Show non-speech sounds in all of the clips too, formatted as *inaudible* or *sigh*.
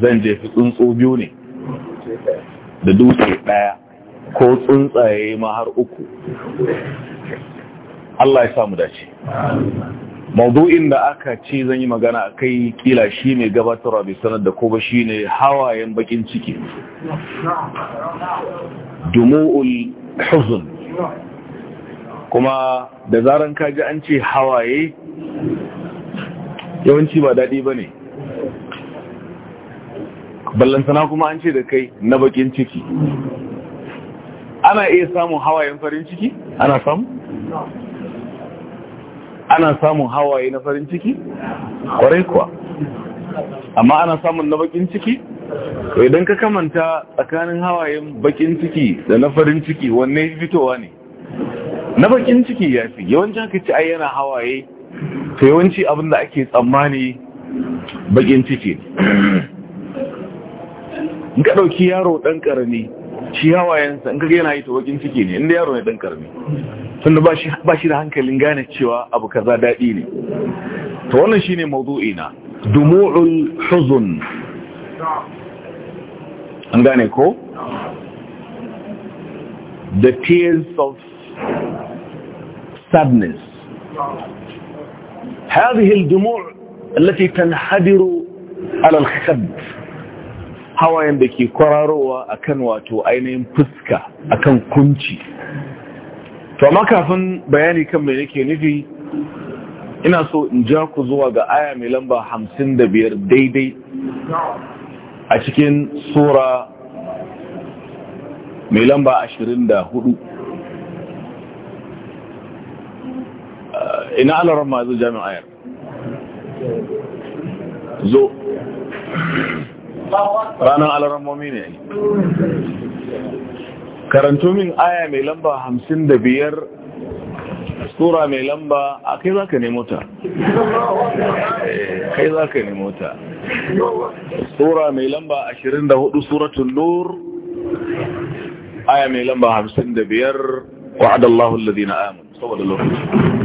zan je jefi tsuntsu biyu ne da dutse ɗaya ko tsuntsaye ma har uku Allah ya samu dace maudu'in da aka ce zan yi magana a kai kila shi ne gabatarwa bai sanar da ko ba shi ne hawayen bakin ciki dumu'ul huzun kuma da zaran kaji an ce hawaye yawanci ba daɗi ba ne ballantana kuma an ce da kai na bakin ciki ana iya samun hawayen farin ciki ana samu ana samun hawaye na farin ciki kwarai kuwa amma ana samun na bakin ciki to idan ka kamanta tsakanin hawayen bakin ciki da na farin ciki wanne fitowa ne na bakin ciki ya fi yawanci aka ci ai yana hawaye to yawanci abin da ake tsammani bakin ciki ne in ka ɗauki yaro ɗan ƙarami shi hawayensa in ka yana yi ta wakin ciki ne inda yaro ne ɗan ƙarami tunda ba shi da hankalin gane cewa abu kaza daɗi ne ta wannan shi ne na dumu'ul huzun an gane ko the tears of sadness هذه الدموع التي تنحدر على الخد hawayen da ke kwararowa a kan wato ainihin fuska a kan kunci to makafin kafin bayani kan mai nake nufi ina so in ja ku zuwa ga aya mai lamba hamsin da biyar daidai a cikin sura mai lamba ashirin da hudu eh, ina alarar ma jami'ayar zo ranar alarammomi ne karanto min aya mai lamba hamsin da biyar sura mai lamba a kai za ka nemo ta eh, kai za ka mai lamba ashirin da hudu suratun nur aya mai lamba hamsin da biyar wa'adallahu saboda lokaci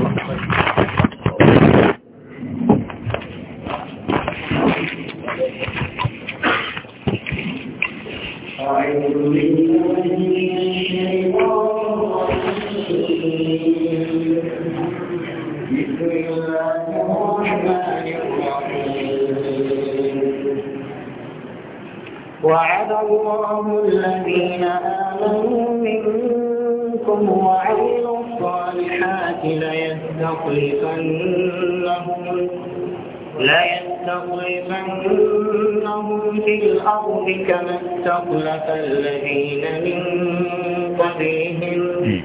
وعد الله الذين آمنوا منكم وعملوا الصالحات ليستخلفنهم ليستخلفنهم لتغلبنهم في الأرض كما استغلف الذين من قبلهم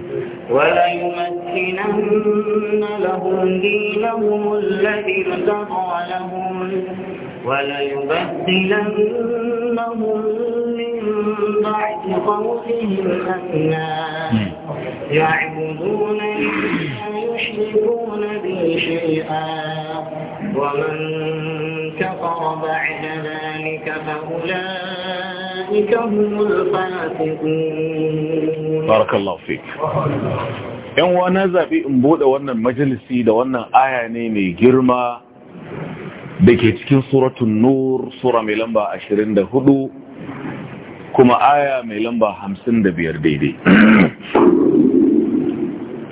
وليمكنن لهم دينهم الذي ارتضى لهم وليبدلنهم من بعد خوفهم أمنا يعبدونني لا يشركون بي شيئا ومن كفر بعد ذلك فأولئك هم الفاسقون بارك الله فيك Ƴan wani zaɓi in buɗe wannan majalisi da wannan aya ne mai girma da ke cikin suratun nur sura mai lamba 24 kuma aya mai lamba 55 daidai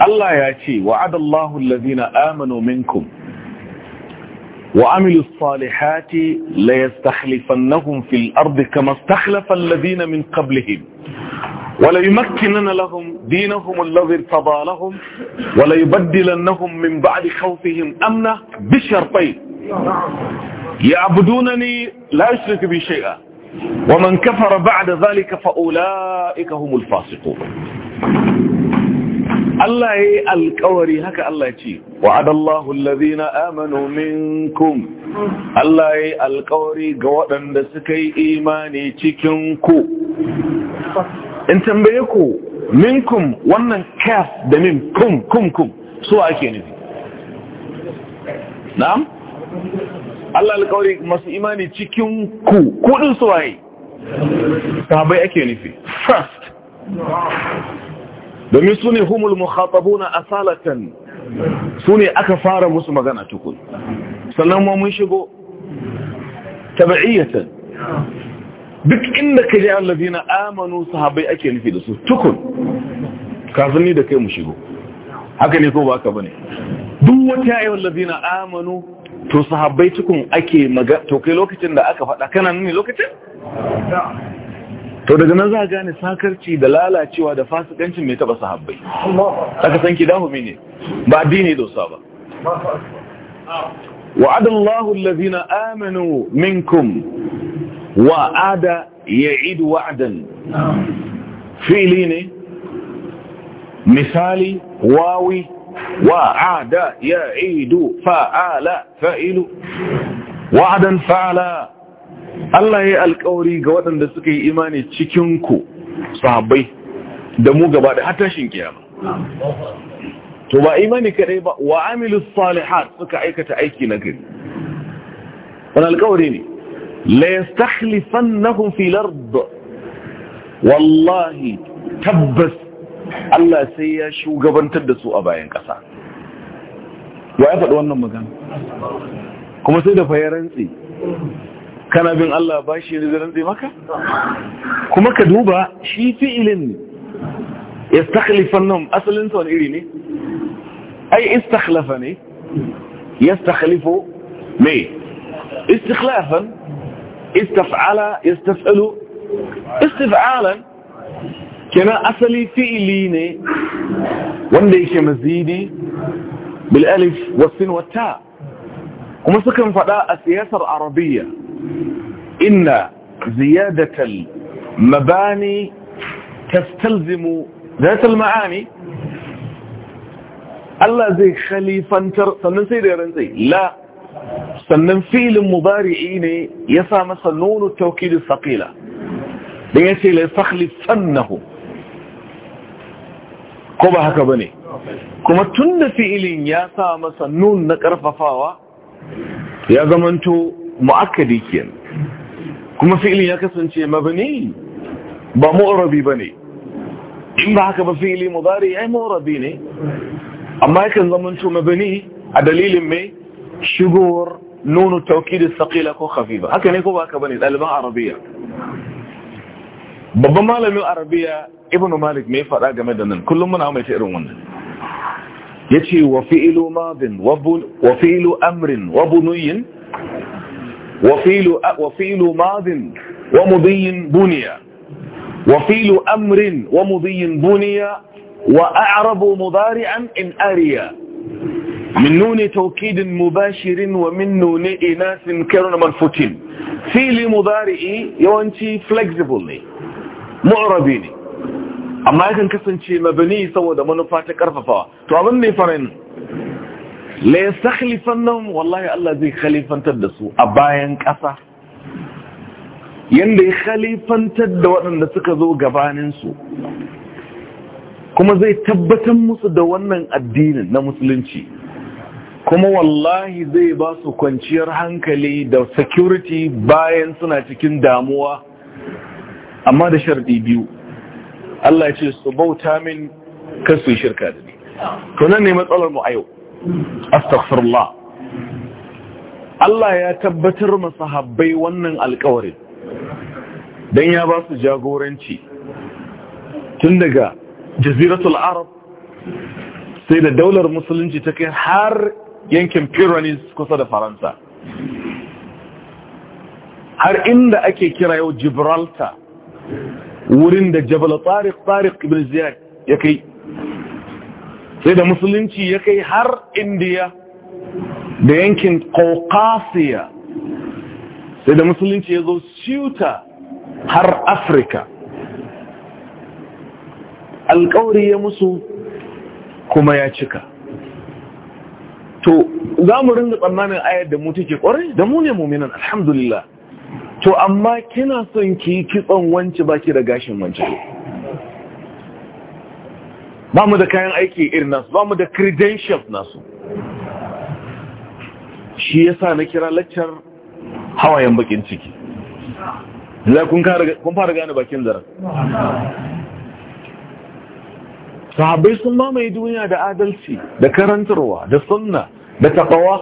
Allah ya ce wa'adallahu allazina amanu minkum وعملوا الصالحات ليستخلفنهم في الأرض كما استخلف الذين من قبلهم وليمكنن لهم دينهم الذي ارتضى لهم وليبدلنهم من بعد خوفهم أمنا بشرطين يعبدونني لا يشرك بي شيئا ومن كفر بعد ذلك فأولئك هم الفاسقون الله القوري هكا الله يتيه وعد الله الذين آمنوا منكم الله القوري قوأن دسكي إيماني تكنكو in tambaye ku minkum wannan kaf da min kum kum kum so ake nufi na'am Allah alƙawari masu imani cikin ku kudin su waye sahabbai ake nufi first domin su humul mukhatabuna asalatan su ne aka fara musu magana tukun sannan ma mun shigo tabi'iyyatan duk inda ka ji na amanu sahabai ake nufi da su tukun kafin ni da kai mu shigo haka ne ko ba ka bane duk wata ayyuhal na amanu to sahabai tukun ake magana to kai lokacin da aka faɗa kanan ne lokacin to daga nan za gane sakarci da lalacewa da fasikancin mai taɓa sahabbai aka san ki dahu mene ba addini dosa ba wa'ada Allahu allazina amanu minkum wa'ada ya'idu wa'dan fi'li ne misali wawi wa'ada ya'idu fa'ala fa'ilu wa'dan fa'ala Allah ya yi alkawari ga waɗanda suka yi imani cikinku ku sahabbai da mu gaba da hatashin kiyama to ba imani kadai ba wa amilu salihat suka aikata aiki na gari wani alkawari ne la kun filar da. wallahi tabbas Allah sai ya shugabantar da su a bayan ƙasa wa ya faɗi wannan magana kuma sai da fayarantsi. kana bin Allah ba shi da zai maka kuma ka duba shi fi'ilin ya stakhlifan nan asalin wani iri ne ai istakhlafa ne ya stakhlifo mai istakhlafan istaf'ala ya staf'alu istif'alan kenan asali fi'ili ne wanda yake mazidi bil alif wasin wata kuma sukan faɗa a siyasar arabiya inna ziyadatal mabani tastalzimu zatal ma'ani Allah zai khalifantar sannan sai da rantsai la sannan filin mubari'i ne ya sa masa nunu taukidin saƙila don ya ce la sannahu ko ba haka ba ne kuma tun da fi'ilin ya sa masa nun na ƙarfafawa ya zamanto mu'akkadi kiyan kuma fi'ilin ya kasance mabani ba mu'rabi bane in ba haka ba fi'ili mudari ai mu'rabi ne amma yakan zamanto mabani a dalilin mai shigowar nunu taukidin, saƙila ko khafifa haka ne ko ba haka bane ɗaliban arabiya babban malamin arabiya ibnu malik mai faɗa game da nan kullum muna mai ta irin wannan يتشي وفئل ماض وفئل أمر وبني وفئل, وفئل ماض ومضي بني وفئل أمر ومضي بني وأعرب مضارعا إن أريا من نون توكيد مباشر ومن نون إناث كرن منفوتين فيل مضارعي يوانتي فلكزبولي معربيني amma yakan kasance mabani saboda manufa ta karfafawa to abin da ya fara yin la yastakhlifannahum wallahi Allah zai khalifantar da su a bayan ƙasa yanda ya khalifantar da waɗanda suka zo gabanin su kuma zai tabbatar musu da wannan addinin na musulunci kuma wallahi zai ba su kwanciyar hankali da security bayan suna cikin damuwa amma da sharɗi biyu Allah ya ce su bauta min kasu shirka da ni to ne matsalar mu a yau astaghfirullah Allah ya tabbatar sahabbai wannan alkawarin don ya ba su jagoranci tun daga jaziratul arab sai da daular musulunci ta kai har yankin pyrenees kusa da faransa har inda ake kira yau gibraltar wurin da jabal tsarik tsarik ibn ziyar ya kai sai da musulunci ya kai har indiya da yankin kaukasiya sai da musulunci ya zo shuta har afirka alkawari ya musu kuma ya cika to za mu ringa tsammanin ayar da mu take kwarai da mu ne muminan alhamdulillah to amma kina son ki kitson wance baki da gashin wance ba mu da kayan aiki irin nasu ba mu da credentials nasu shi yasa na kira laccar hawayen bakin ciki Zai kun fara gane bakin zara sahabai sun mamaye duniya da adalci da karantarwa da sunna da taɓawa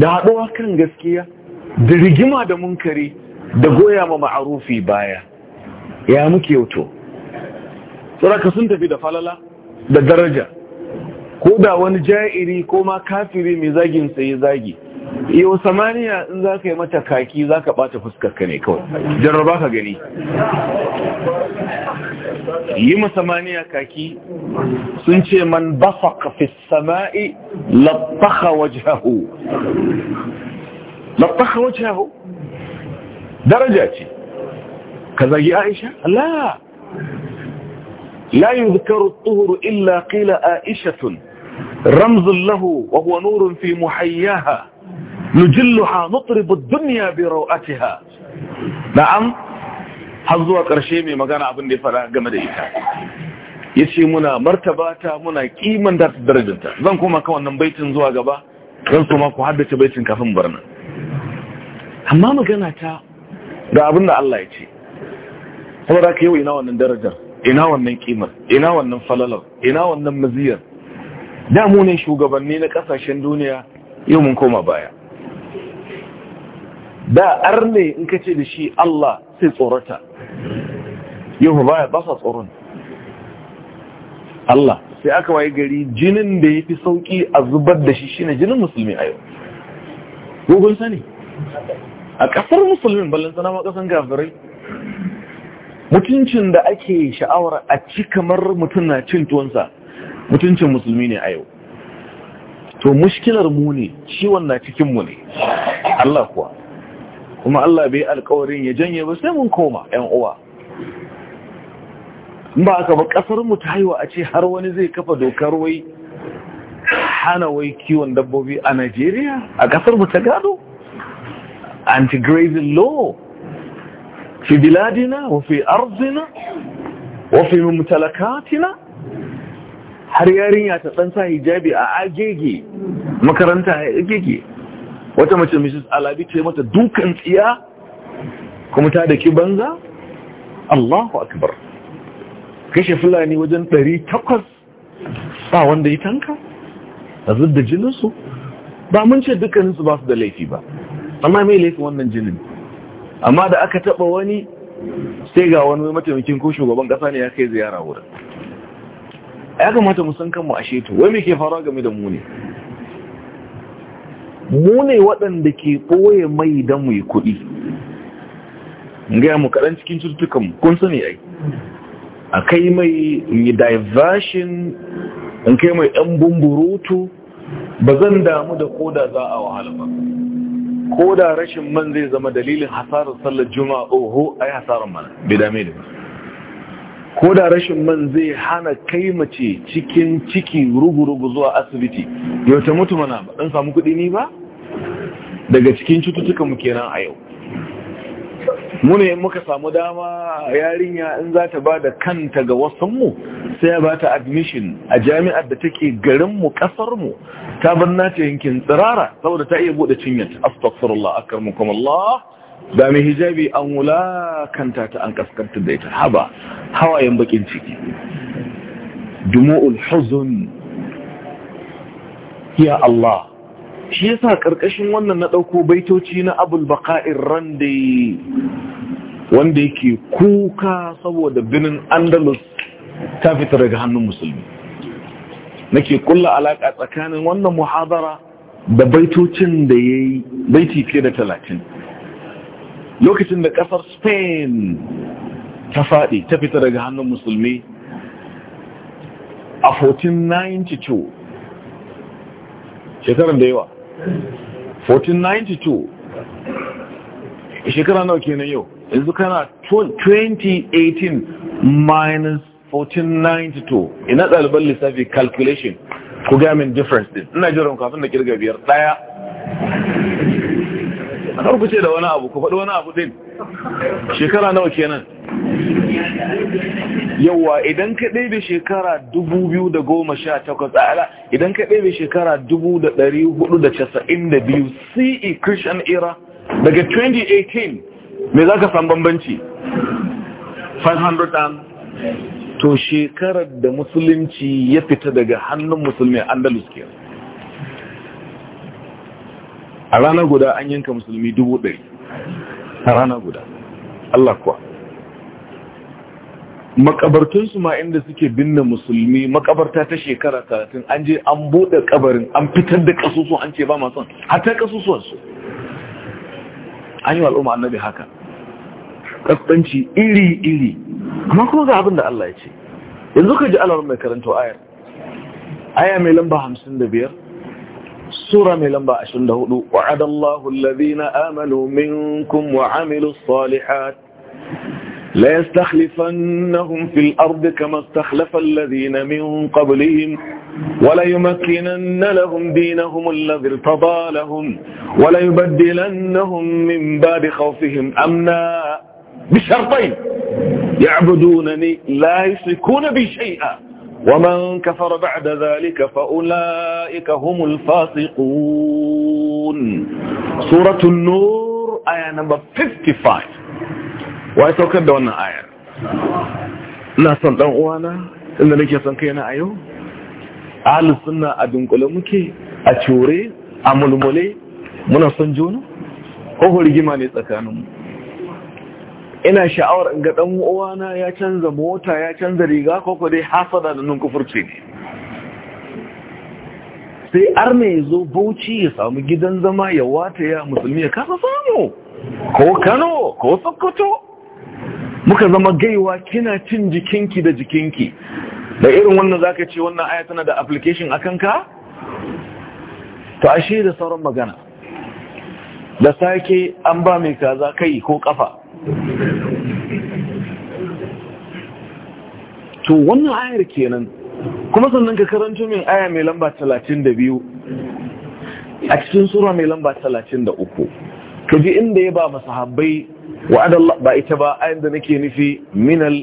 da haɗuwa kan gaskiya da rigima da munkari da goya ma ma'arufi baya ya muke wato ka sun tafi da falala da daraja ko da wani ja'iri ko ma kafiri mai zagin sai zagi yau samaniya in za ka yi mata kaki za ka ɓata fuskarka ne kawai jarraba ka gani yi ma samaniya kaki sun ce man bafa kafi sama'i labbaka wajahu labbaka wajahu daraja ce ka zagi aisha la la yuzkaru tuhuru illa qila aishatun ramzun lahu wa huwa nurun fi muhayyaha nujilluha nutribu ad-dunya bi rawatiha na'am har zuwa ƙarshe mai magana abin da ya faɗa game da ita ya ce muna martaba ta muna kiman da darajinta zan koma kan wannan baitin zuwa gaba zan so ma ku haddace baitin kafin barna amma magana ta da abin da Allah ya ce za ka yi wa ina wannan darajar ina wannan kimar ina wannan falalar ina wannan maziyar da shugabanni na kasashen duniya yau mun koma baya da arne in ka ce da shi Allah sai tsorata yau baya basa sa tsoron Allah sai aka waye gari jinin da ya fi sauki a zubar da shi shine jinin musulmi a yau. Gogon sani? a ƙasar musulmin ballon ma ƙasan gafirai mutuncin da ake sha'awar a ci kamar mutum na cin tuwonsa mutuncin musulmi ne a yau to mushkilar mu ne ciwon na cikin mu ne Allah kuwa kuma Allah bai alkawarin ya janye ba sai mun koma 'yan uwa ba aka ba kasar mu ta haihuwa a ce har wani zai kafa dokar wai hana wai kiwon dabbobi a Najeriya a kasar mu ta gado anti-grazing law wa fi arzina, wa fi mumtalakatina har yarinya ta ɗan sa hijabi a agege makaranta a agege wata mace mrs alabi ce mata dukan tsiya kuma ta daki banza allahu akbar kashe fulani wajen ɗari takwas ba wanda ya tanka a jinin jininsu ba mun ce dukkaninsu ba su da laifi ba amma mai laifin wannan jinin amma da aka taba wani sai ga wani mataimakin ko shugaban kasa ne ya kai ziyara wurin ya kamata mu san kanmu a shetu wai me ke faruwa game da mu ne mu ne waɗanda ke ɓoye mai don mu yi kuɗi gaya mu kaɗan cikin cututtukan kun sani ai a kai mai yi diversion in kai mai ɗan bumburutu ba zan damu da koda za a wahala ba ko da rashin man zai zama dalilin hasarar sallar juma'a oho ai hasarar mana bai dame da ko da rashin man zai hana kai mace cikin ciki rugu zuwa asibiti yau ta mutu mana ba ɗan samu kuɗi ni ba daga cikin cututtukan mu kenan a yau Mune muka samu dama yarinya in za ta ba da kanta ga wasanmu sai ba ta admission a jami'ar da take garinmu ƙasarmu ta barna ta yankin tsirara saboda ta iya buɗe cinyanta astagfirullah akarmukum Allah da mai hijabi an wulakanta ta an kaskanta da ita haba hawayen bakin ciki dumu'ul ya Allah shi yasa karkashin wannan na ɗauko baitoci na abul baka'ir rande wanda yake kuka saboda binin andalus ta fita daga hannun musulmi nake kulla alaka tsakanin wannan muhadara da baitocin da ya yi baiti fiye da talatin lokacin da kasar spain ta faɗi ta fita daga hannun musulmi a 1492 shekarar da yawa 1492 shekara nawa kenan yau yanzu kana 2018 minus 1492 ina ɗaliban lissafi calculation ku gamin difference din ina jiran kafin da kirga biyar ɗaya a karku ce da wani abu ku faɗi wani abu din shekara nawa kenan Yauwa idan ka ɗaibe shekara 2018 ala idan ka ɗaibe shekara 1492 ce christian era daga 2018 me za ka san bambanci 500 an to shekarar da musulunci ya fita daga hannun musulmi andalus ke a rana guda an yanka musulmi dubu a rana guda Allah kuwa makabartunsu ma inda suke binne musulmi makabarta ta shekara 30 an je an buɗe kabarin an fitar da kasusuwan an ce ba masu hata kasusuwansu an yi al'umma annabi haka kasbanci iri-iri amma kuma ga abin da Allah ya ce yanzu ka ji alarun mai karanta ayar aya mai lamba hamsin da biyar sura mai lamba ashirin da hudu wa'adallahu allazina amanu minkum wa amilu salihat la يستخلفنهم fil الأرض كما استخلف الذين min قبلهم وليمكنن لهم دينهم الذي ارتضى لهم وليبدلنهم من باب خوفهم أمنا بشرطين يعبدونني لا يشركون بي شيئا ومن كفر بعد ذلك فأولئك هم الفاسقون سورة النور آية نمبر 55 وأتوكد أن آية لا صدقوا أنا إن لك يسنكينا أيوه ahalus suna a dunkule muke a cure a mulmule muna son juna ko rigima ne tsakaninmu ina sha'awar in ga dan uwana ya canza mota ya canza riga ko ko dai hasada da nan kufurci ne sai ar ya zo bauchi ya samu gidan zama ya wata ya musulmi ya kasa samu ko kano ko sokoto muka zama gaiwa kina cin jikinki da jikinki da irin wannan za ka ce wannan aya tana da application a kanka? to ashe da sauran magana da sake an ba mai kaza kai ko kafa to wannan ayar kenan kuma sannan ka karanto min aya mai lamba 32 a cikin sura mai lamba 33 ka ji inda ya ba masahabbai wa'adallah ba ita ba ayan da nake nufi minal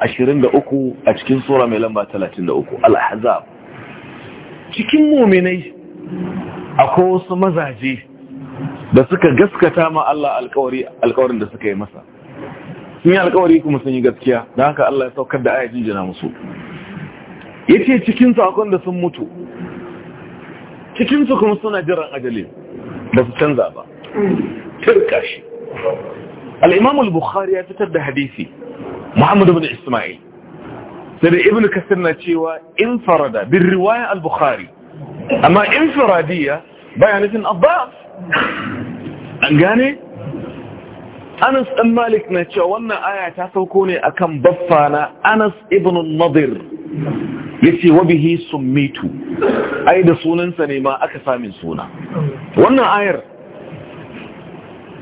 23 a cikin sura mai lamba 33 al-ahzab cikin muminai akwai wasu mazaje da suka gaskata ma Allah alkawarin da suka yi masa sun yi alkawari kuma sun yi gaskiya da haka Allah ya saukar da ayajin jina musu ya ce cikinsu akwai da sun mutu cikinsu kuma suna jiran ajali ba su canza ba turka shi al'imamul bukhari ya fitar da hadisi Muhammadu bin isma'il sai ibn kasir na cewa infarada bin riwaya al-bukhari amma infaradiya baya nufin abbas an gane anas ɗan malik na cewa wannan aya ta sauko ne akan baffa na anas ibn nadir ya ce wabihi mitu. ai da sunansa ne ma aka samin suna wannan ayar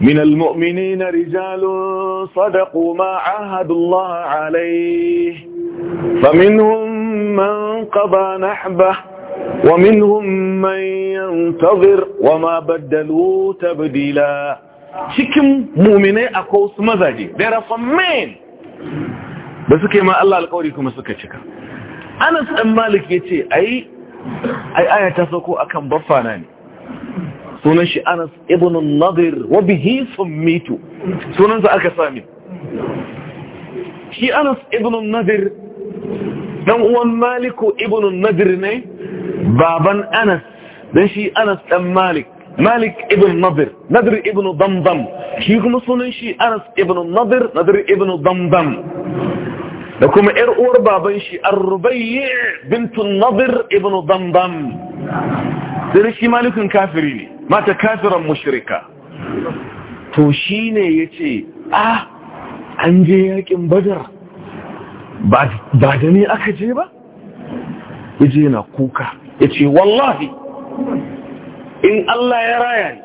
من المؤمنين رجال صدقوا ما عاهدوا الله عليه فمنهم من قضى نحبه ومنهم من ينتظر وما بدلوا تبديلا cikin muminai akwai wasu mazaje there are suke ma Allah alƙawari kuma suka cika Anas dan Malik yace ai ai aya ta sako akan na ne sunan shi anas ibn nadir wa bihi summitu sunansa aka sami shi anas ibn nadir dan uwan maliku ibn nadir ne baban anas dan shi anas dan malik malik ibn nadir nadir ibn damdam shi kuma sunan shi anas ibn nadir nadir ibn damdam da kuma ‘yar uwar baban shi an rubayye bintun nadir ibn damdam sai shi malikun kafiri ne mata kafiran shirika. to shi ne ya ce a an je yakin badar ba da ne aka je ba ya je na kuka ya ce wallahi in Allah ya raya ne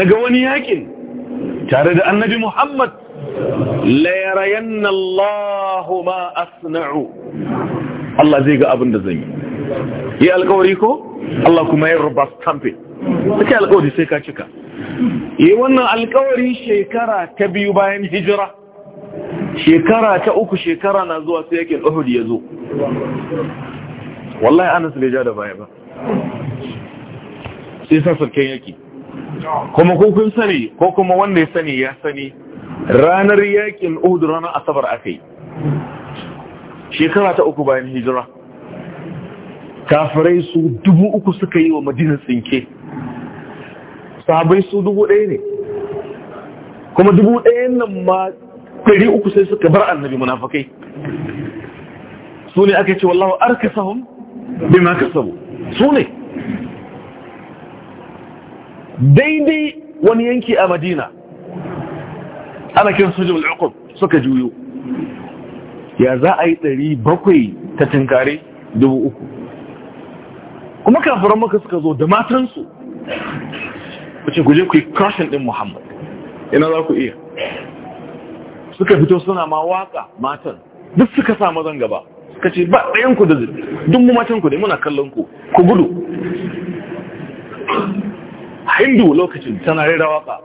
na ga wani yakin tare da annabi Muhammad la yarayanna Allahu ma asna'u Allah zai ga abin da zan yi yi alkawari ko Allah kuma ya rubar stampe take alkawari sai ka cika yi wannan alkawari shekara ta biyu bayan hijira shekara ta uku shekara na zuwa sai yake uhud ya zo wallahi anas bai ja da baya ba sai sa sarkin yaki kuma kukun sani ko kuma wanda ya sani ya sani ranar yakin uhud ranar asabar aka yi. shekara ta uku bayan hijira kafirai su dubu uku suka yi wa madina tsinke sahabai su dubu ɗaya ne kuma dubu ɗaya nan ma ɗari uku sai suka bar annabi munafakai su ne aka ce wallawa arka sahun bai ma kasabu su ne daidai wani yanki a madina ana kin sujin al'ukub suka juyo ya za a yi ɗari bakwai ta tinkare dubu uku kuma kafiran maka suka zo da matansu Wacce guje ku yi kashin ɗin muhammad ina za ku iya suka fito suna ma waka matan duk suka sa mazan gaba suka ce ba ɗayanku da zirgi duk mu matanku ne muna kallon ku ku gudu hindu lokacin tana rera waka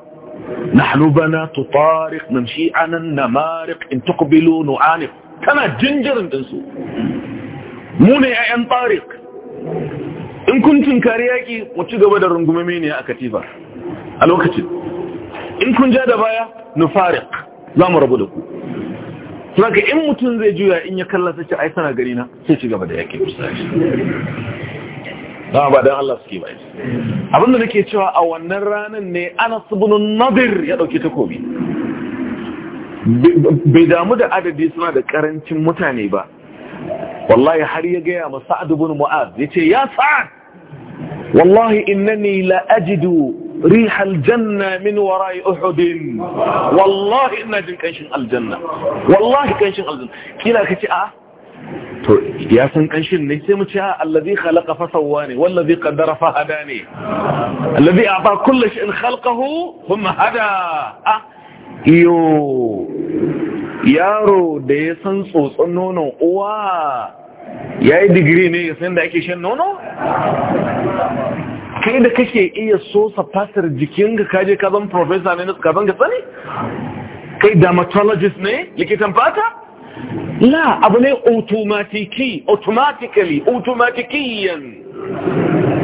nahnu bana tu tariq namshi anan namariq in tuqbilu nu'anif tana jinjirin dinsu mu ne 'ya'yan tariq in kun kariya yaƙi mu ci gaba da rungumami ne a katifa a lokacin in kun ja da baya nufarik za mu rabu da ku ka in mutum zai juya in ya kalla ci ce ai gari na sai ci gaba da yaƙi misali ba don Allah suke ba abinda nake cewa a wannan ranar ne ana ibn Nadir ya dauki takobi bai damu da adadi suna da karancin mutane ba wallahi har ya gaya ma sa'ad Mu'ad ya ce ya sa'ad والله إنني لا أجد ريح الجنة من وراء أحد والله إنني كان شنق الجنة والله كان الجنة كلا كتئة آه. ياسن كان شنق نسيم آه. الذي خلق فصواني والذي قدر فهداني الذي أعطى كل شيء خلقه هم هدا آه. يو يا يارو ديسن صوص النونو واه ya yi digiri ne ya san da ake shan nono? kai da kake iya sosa fasar jikin ga kaje ka zan profesa ne ka zan kai dermatologist ne likitan fata? la abu ne automatiki automatically automatikiyan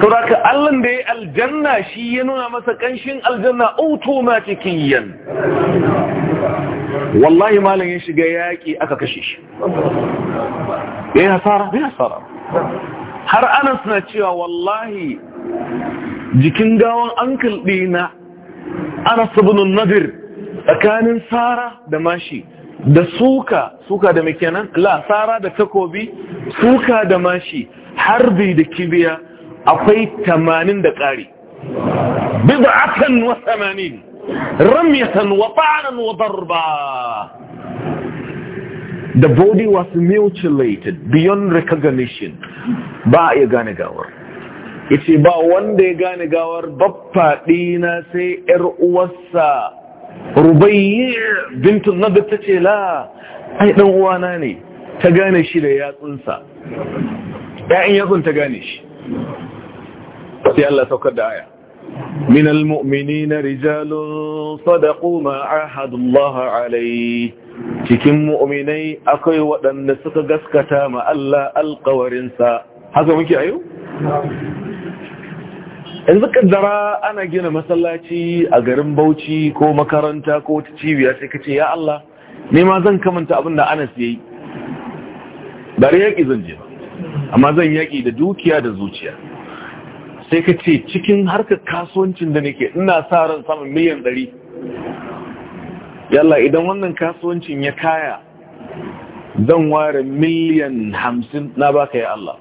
turaka allon da ya aljanna shi ya nuna masa kanshin aljanna automatikiyan wallahi malam ya shiga yaƙi aka kashe shi ya hasara ya hasara har ana na cewa wallahi jikin gawan ankil ɗina ana ibn nadir tsakanin Sara da mashi da suka suka da makenan la Sara da takobi suka da mashi harbi da kibiya akwai tamanin da ƙari bid'atan wa 80 ramyatan wa ta'anan wa darba the body was mutilated beyond recognition ba ya gane gawar yace ba wanda ya gane gawar baffa na sai yar uwarsa rubayyi bint nabi tace la ai dan uwana ne ta gane shi da yatsunsa ya'in yatsun ta gane shi sai Allah saukar da aya من المؤمنين رجال صدقوا ما عهد الله عليه cikin mu'minai akwai waɗanda suka gaskata ma Allah alƙawarinsa haka muke ayo yanzu dara ana gina masallaci a garin Bauchi ko makaranta ko wata cibiya sai kace ya Allah ni ma zan kamanta abin da Anas yayi bari yaki zan je amma zan yaƙi da dukiya da zuciya sai ka ce cikin harkar kasuwancin da nake ina sa ran samun miliyan ɗari yalla idan wannan kasuwancin ya kaya zan ware miliyan hamsin na baka ya Allah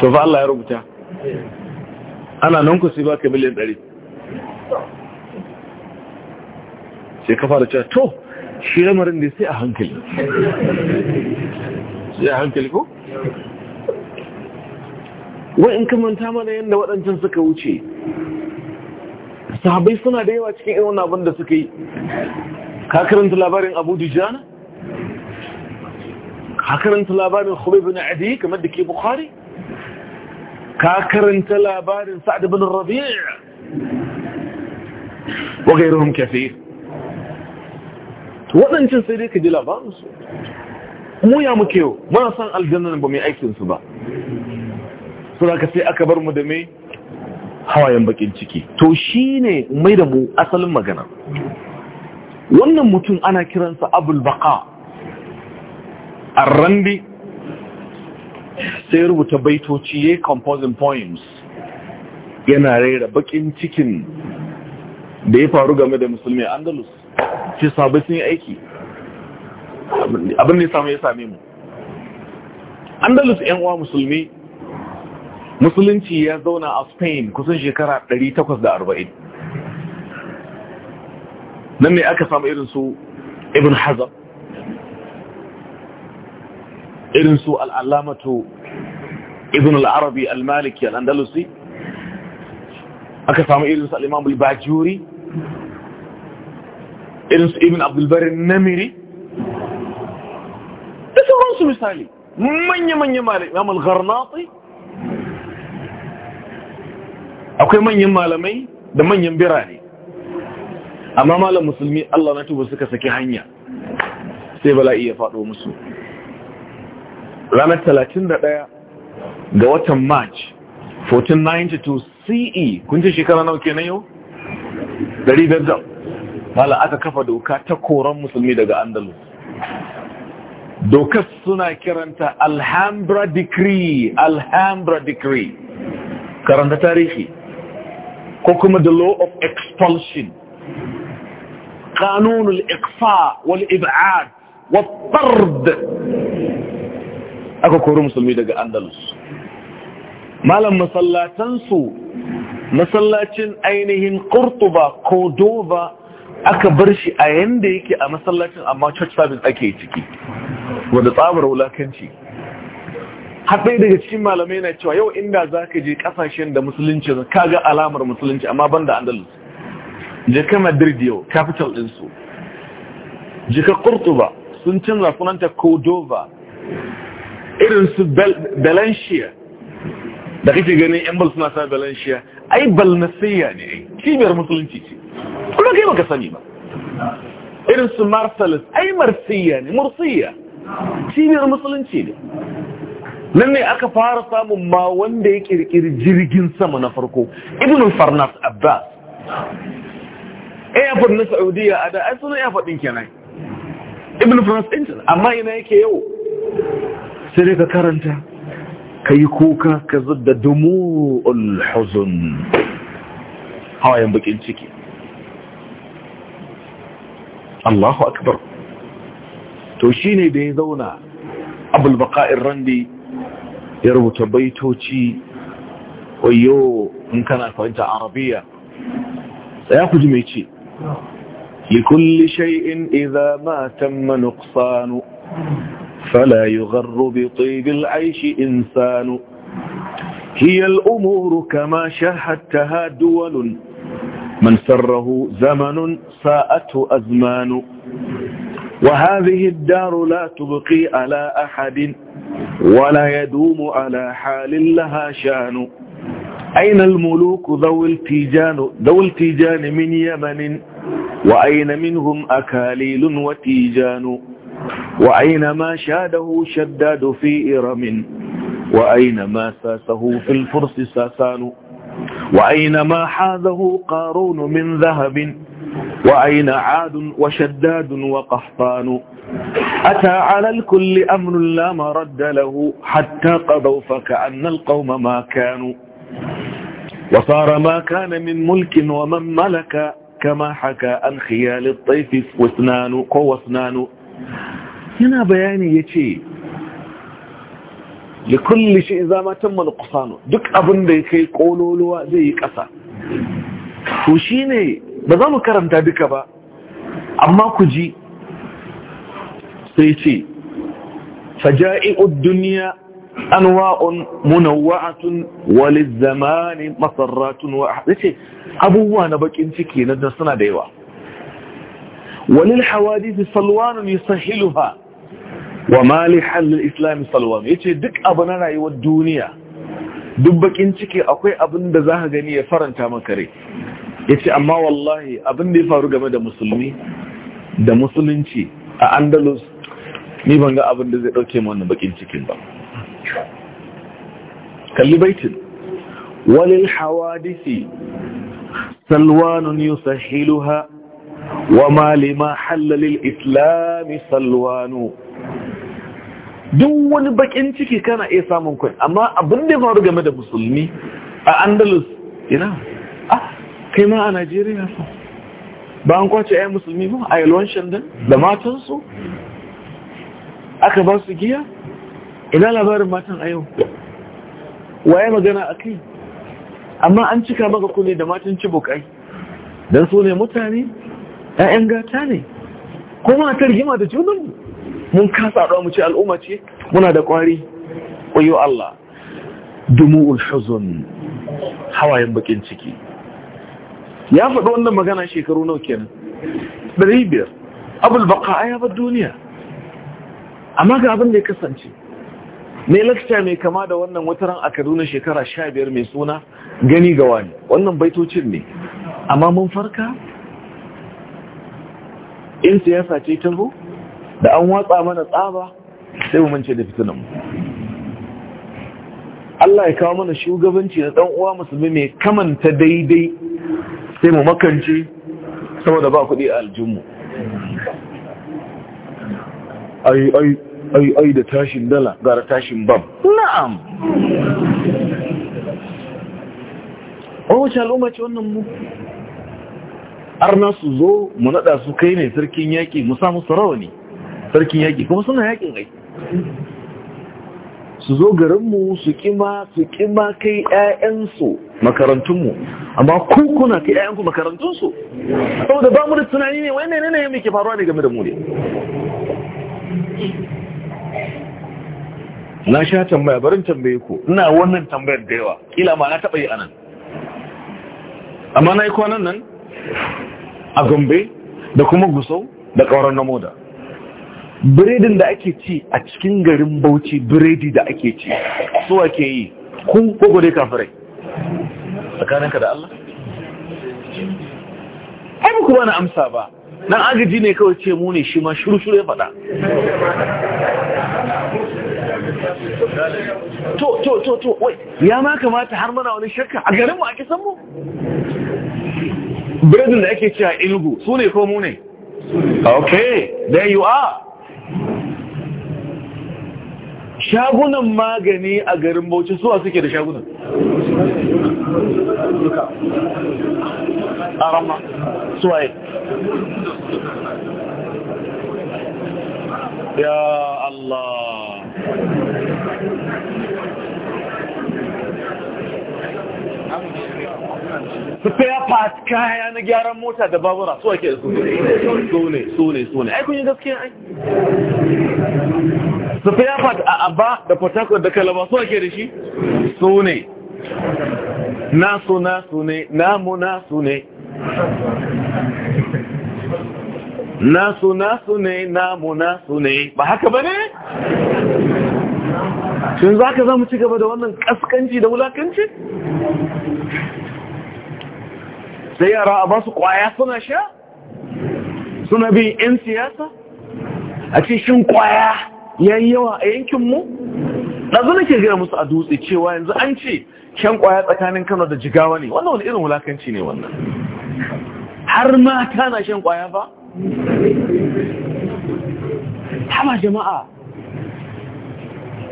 to fa Allah ya rubuta ana nan ku sai baka miliyan ɗari sai ka fara cewa to shi lamarin da sai a hankali sai a hankali ko wai in ka manta mana yadda waɗancan suka wuce sahabai suna da yawa cikin irin abin da suka yi ka karanta labarin abu dujana ka karanta labarin khubayb bin adi kamar da ke bukhari ka karanta labarin sa'ad bin rabi'a wa ghayruhum kathir waɗancan sai dai ka ji labarinsu mu ya muke yau muna san aljanna ba mai aikinsu ba Su na sai aka bar mu da mai hawayen bakin ciki to shi ne mai da mu asalin magana wannan mutum ana kiransa abul baka arrandi sai rubuta baitoci ya composing poems yana rera bakin cikin da ya faru game da musulmi a andalus ce sabu sun yi aiki abin da ya samu ya same mu andalus yan uwa musulmi musulunci ya zauna a spain kusan shekara 840 nan ne aka samu irinsu ibn hazab irinsu al'alamatu ibn al'arabi al-maliki al'andalusi aka samu irinsu al'imam al-bajuri irinsu ibn abdulbarin namiri da sauransu misali manya-manya malam al gharnati akwai manyan malamai da manyan birane amma malam musulmi Allah na tuba suka saki hanya sai bala'i ya faɗo musu ranar 31 ga watan march 1492 ce kun ce shekara nawa kenan yau? dari 500 mala aka kafa doka ta koran musulmi daga andalus dokar suna kiranta alhambra decree alhambra decree karanta tarihi ko kuma the law of expulsion wal الإقفاء والإبعاد والطرد aka kori musulmi daga andalus malam masallatansu masallacin ainihin kurtuba ko doba aka bar shi a yanda yake a masallacin amma church service ake ciki wadda tsabar wulakanci haɗai daga cikin malamai na cewa yau inda za ka je ƙasashen da musulunci ka ga alamar musulunci amma ban da andalus je ka madrid yau capital ɗinsu je ka kurtuba sun canza sunanta cordova irin su valencia da kake ganin yan bal suna sa valencia ai balnasiya ne ai cibiyar musulunci ce kuma kai baka sani ba irin su marsalis ai marsiya ne mursiya cibiyar musulunci ne nan ne aka fara samun ma wanda ya kirkiri jirgin sama na farko ibn farnas abbas airport na saudiya a da ai suna ya faɗin kenan ibn farnas intan amma ina yake yau sai dai ka karanta ka yi kuka ka da dumu huzun hawayen bakin ciki Allahu akbar to shine da ya zauna abul baka'ir randi ya rubuta baitoci wayo in kana fahimta arabiya tsaya ku ji mai ce likulli shay'in idza ma tamma nuqsanu fala yugharru bi tibil aishi insanu hiya al-umuru kama shahattaha duwalun man sarrahu zamanun sa'atu azmanu وهذه الدار لا تبقي على أحد ولا يدوم على حال لها شان أين الملوك ذو التيجان, ذو التيجان من يمن وأين منهم أكاليل وتيجان وأين ما شاده شداد في إرم وأين ما ساسه في الفرس ساسان وأين ما حاذه قارون من ذهب وأين عاد وشداد وقحطان أتى على الكل أمر لا مرد له حتى قضوا فكأن القوم ما كانوا وصار ما كان من ملك ومن ملك كما حكى عن خيال الطيف قوى واسنان هنا بياني يتي لكل شيء إذا ما تم نقصانه دك أبن بيكي قولوا لوا زي كسا وشيني ba za mu karanta duka ba amma ku ji sai ce faja'i'ud duniya anwa'un munawwa'atun walil zamani masarratun wa ahdace abubuwa na bakin ciki na da suna da yawa walil hawadith salwanun yusahhiluha wa mali halil islam salwan yace duk abu na rayuwar duniya duk bakin ciki akwai abin da zaka gani ya faranta makare. ya ce amma wallahi abin da ya faru game da musulmi da musulunci a andalus ni ban ga abin da zai ɗauke wani bakin cikin ba kalli baitin walil hawadisi salwanun yusahiluha wa ma lima islami salwanu duk wani bakin ciki kana iya samun kwai amma abin da ya faru game da musulmi a andalus ina ah kai ma a najeriya ba an kwace ayan musulmi ba a yalwan shandan da matansu aka ba su giya ina labarin matan a yau waye magana a kai amma an cika maka kune da matan bukai don su ne mutane 'ya'yan gata ne kuma ta rigima da junan mun kasa ɗawa mu ce al'umma ce muna da ƙwari ƙwayo Allah dumu'ul huzun hawayen bakin ciki ya faɗi wannan magana shekaru nau kenan ɗari biyar abul baka a yabar duniya amma ga abin da ya kasance Mai lakta mai kama da wannan wataran a kaduna shekara sha biyar mai suna gani ga wani wannan baitocin ne amma mun farka in siyasa ce ta zo da an watsa mana tsaba sai mu mance da mu Allah ya kawo mana shugabanci na ɗan uwa musulmi mai kamanta daidai sai mu makance saboda ba kuɗi a aljinmu ai ai da tashin dala gara tashin bam na'am wace al'umma ce wannan mu arna su zo mu nada su kai ne sarkin yaƙi mu samu sarawa ne sarkin yaƙi kuma suna yaƙin ai su zo garinmu su kima su kima kai 'ya'yansu makarantunmu amma ku kuna kai ayyanku makarantunsu saboda ba mu da tunani ne wani ne ne mai ke faruwa ne game da mu ne na sha tambaya barin tambaye ku ina wannan tambayar da yawa kila ma na taɓa yi anan amma na yi kwanan nan a gombe da kuma gusau da ƙauran Moda. biredin da ake ci a cikin garin bauchi biredi da ake ci so ake yi kun kogo dai kafirai tsakaninka da Allah ai ba na amsa ba nan agaji ne kawai ce mu ne shi ma shuru-shuru ya faɗa to to to to wai ya ma kamata har mana wani shakka a garin mu ake mu biredin da ake cewa inugu su ne ko mu ne okay there you are shagunan magani a garin bauchi suwa suke da shagunan a rama suwaye ya Allah spare part kaya na gyaran mota da babura su ke da su ne su ne su ne aikun yi gaskiya ai su fata a abba da port da kalaba su ake da shi su ne nasu nasu ne namu nasu ne nasu nasu ne namu nasu ne ba haka ba ne? shin za ka za ci gaba da wannan kaskanci da wulakanci? sai yara a basu kwaya suna sha? suna bin 'yan siyasa? a ce shin kwaya ya yi yawa a yankinmu? ɗazu nake gina musu a dutse cewa yanzu an ce shan ƙwaya tsakanin kano da jigawa ne wannan wani irin wulakanci ne wannan har mata na shan ƙwaya ba? haba jama'a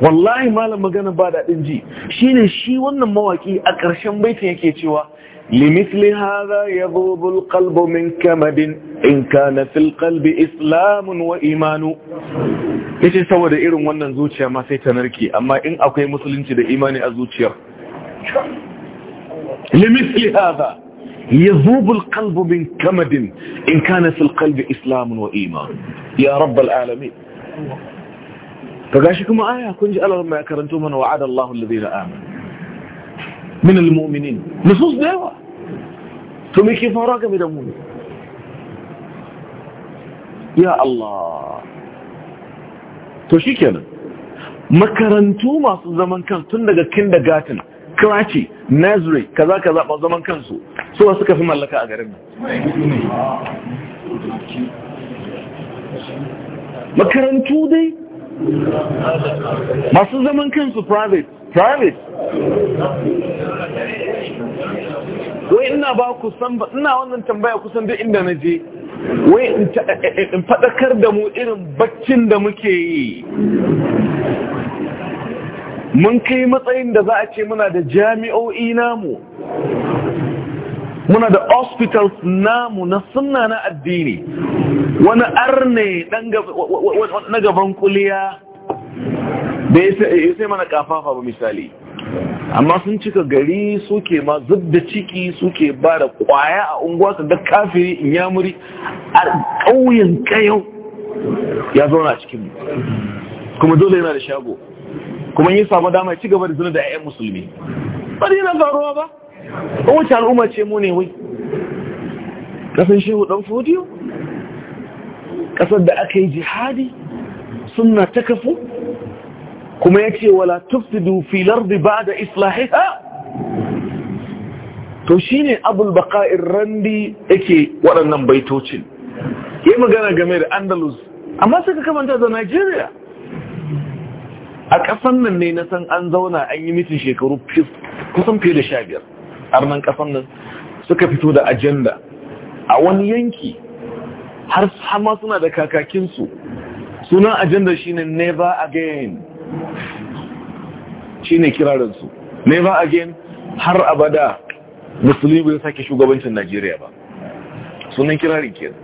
wallahi malam magana ba daɗin ji Shi ne shi wannan mawaƙi a ƙarshen baitin yake cewa لمثل هذا يذوب القلب من كمد إن كان في القلب إسلام وإيمان yace saboda irin wannan zuciya ma sai ta narke amma in akwai musulunci da imani a zuciyar limisli hada yazubul qalbu min kamadin in kana fil qalbi islamun wa iman ya rabbal alamin to gashi kuma aya kun ji Allah mai karanto mana wa'ada Allahu alladhina amanu min da yawa to me ke faruwa game da mu ne ya Allah to shi kenan makarantu masu zaman kan tun daga kindergarten kiraci nazari kaza kaza ba zaman kansu su wasu suka fi mallaka a garin makarantu dai masu zaman kansu private private wai ina ba ku san ba ina wannan tambaya kusan duk inda na je wai in faɗakar da mu irin baccin da muke yi mun kai matsayin da za a ce muna da jami'o'i namu muna da hospitals namu na suna na addini wani arne na gaban kuliya da ya sai mana kafafa ba misali amma sun cika gari suke ma zub da ciki suke ba da kwaya a unguwa ta ga kafiri in muri a ƙauyen kayau ya zauna a cikin kuma dole yana da shago kuma yi samu dama ci gaba da zina da 'ya'yan musulmi ba da yana faruwa ba ba wacce al'umma ce mu ne wai kasan shehu dan fodiyo kasar da aka yi jihadi suna ta kafu kuma ya ce wala tufsidu ba da Islahi? islahiha to shine abul irrandi randi yake waɗannan baitocin yi magana game da andalus amma suka kamanta da nigeria a ƙasan nan ne na san an zauna an yi mitin shekaru kusan fiye da sha biyar arnan ƙasan nan suka fito da ajanda a wani yanki har sama suna da kakakinsu sunan ajanda shine never again Shi ne kirarinsu a gen har abada musulmi bai sake shugabancin Najeriya ba sunan kirarin kenan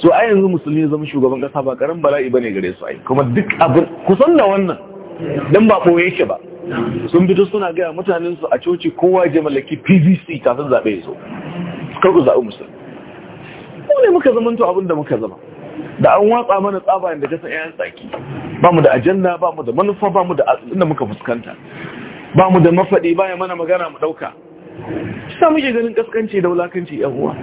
so a yanzu musulmi zama shugaban kasa ba karin bala'i ba ne gare su ai kuma duk abin kusan da wannan don ba ɓoye yake ba sun fito suna gaya mutanensu a coci kowa ya mallaki PVC kafin zaɓe ya zo kar ku musulmi ko ne muka zama to abin da muka zama da an watsa mana tsaba da gasa 'ya'yan tsaki ba mu da ajanda ba mu da manufa ba mu da inda muka fuskanta ba mu da mafaɗi baya mana magana mu ɗauka sa muke ganin ƙasƙanci da wulakanci yan uwa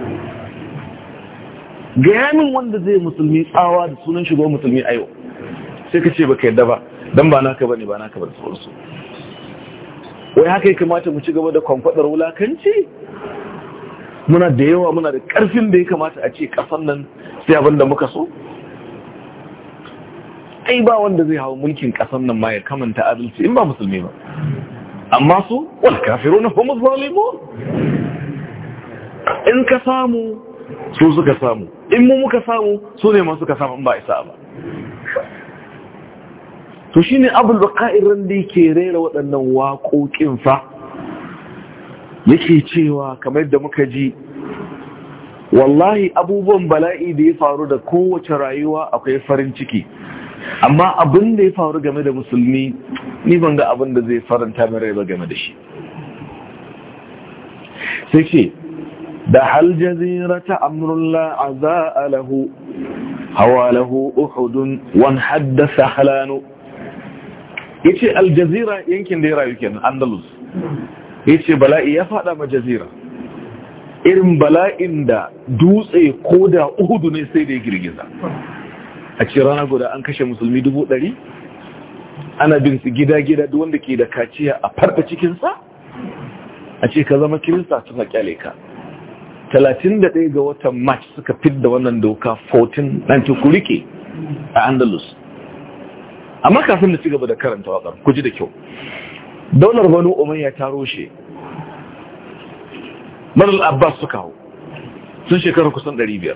ga min wanda zai musulmi tsawa da sunan shigo musulmi a yau sai ka ce baka yadda ba don ba naka bane ba naka ba da sauransu wai haka ya kamata mu ci gaba da kwamfadar wulakanci muna da yawa muna da ƙarfin da ya kamata a ce ƙasan nan sai abin da muka so ai ba wanda zai hawa mulkin ƙasan nan ma ya kamanta adalci in ba musulmi ba amma su wal kafiru na homo zalimun in ka samu su suka samu in mu muka samu su ne masu ka samu ba isa ba to shi ne baqa'ir da yake rera waɗannan waƙoƙin fa yake cewa kamar da muka ji wallahi abubuwan bala'i da ya faru da kowace rayuwa akwai farin ciki amma abin da ya faru game da musulmi ni ban ga abin da zai faranta mai rai game da shi sai ce da hal jazira ta amrulla a lahu hawa lahu uhudun wan haddasa halanu Ya al jazira yankin da ya rayu kenan andalus ya ce bala'i ya fada ma jazira irin bala'in da dutse ko da uhudu ne sai da ya girgiza a ce rana guda an kashe musulmi dubu ɗari ana bin su gida-gida duk wanda ke da kaciya a farka cikinsa a ce ka zama kirista tun a kyale ka 31 ga watan march suka fidda wannan doka 14 ku a andalus amma kafin da ci gaba da karanta wakar kuji da kyau daular banu umayya ta roshe marar abbas suka hau sun shekaru kusan 500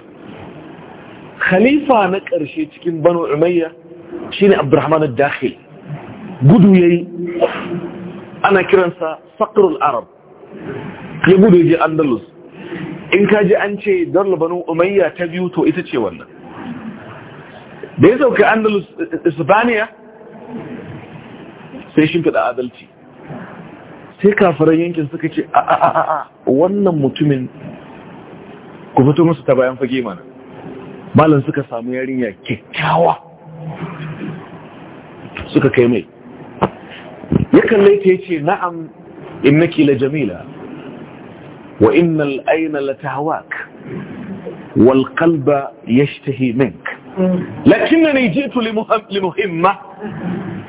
khalifa na ƙarshe cikin banu umayya shine abdurrahman al-dakhil gudu yayi ana kiransa faqrul arab ya gudu je andalus in ka ji an ce daular banu umayya ta biyu to ita ce wannan da ya sauka andalus isbaniya sai shimfiɗa adalci sai kafiran yankin suka ce a a a wannan mutumin ku fito musu ta bayan fage mana malam suka samu yarinya kyakkyawa suka kai mai ya kalle ta yace na'am innaki la jamila wa innal aina la tahawak wal qalba yashtahi mink lakinnani jitu li muhimma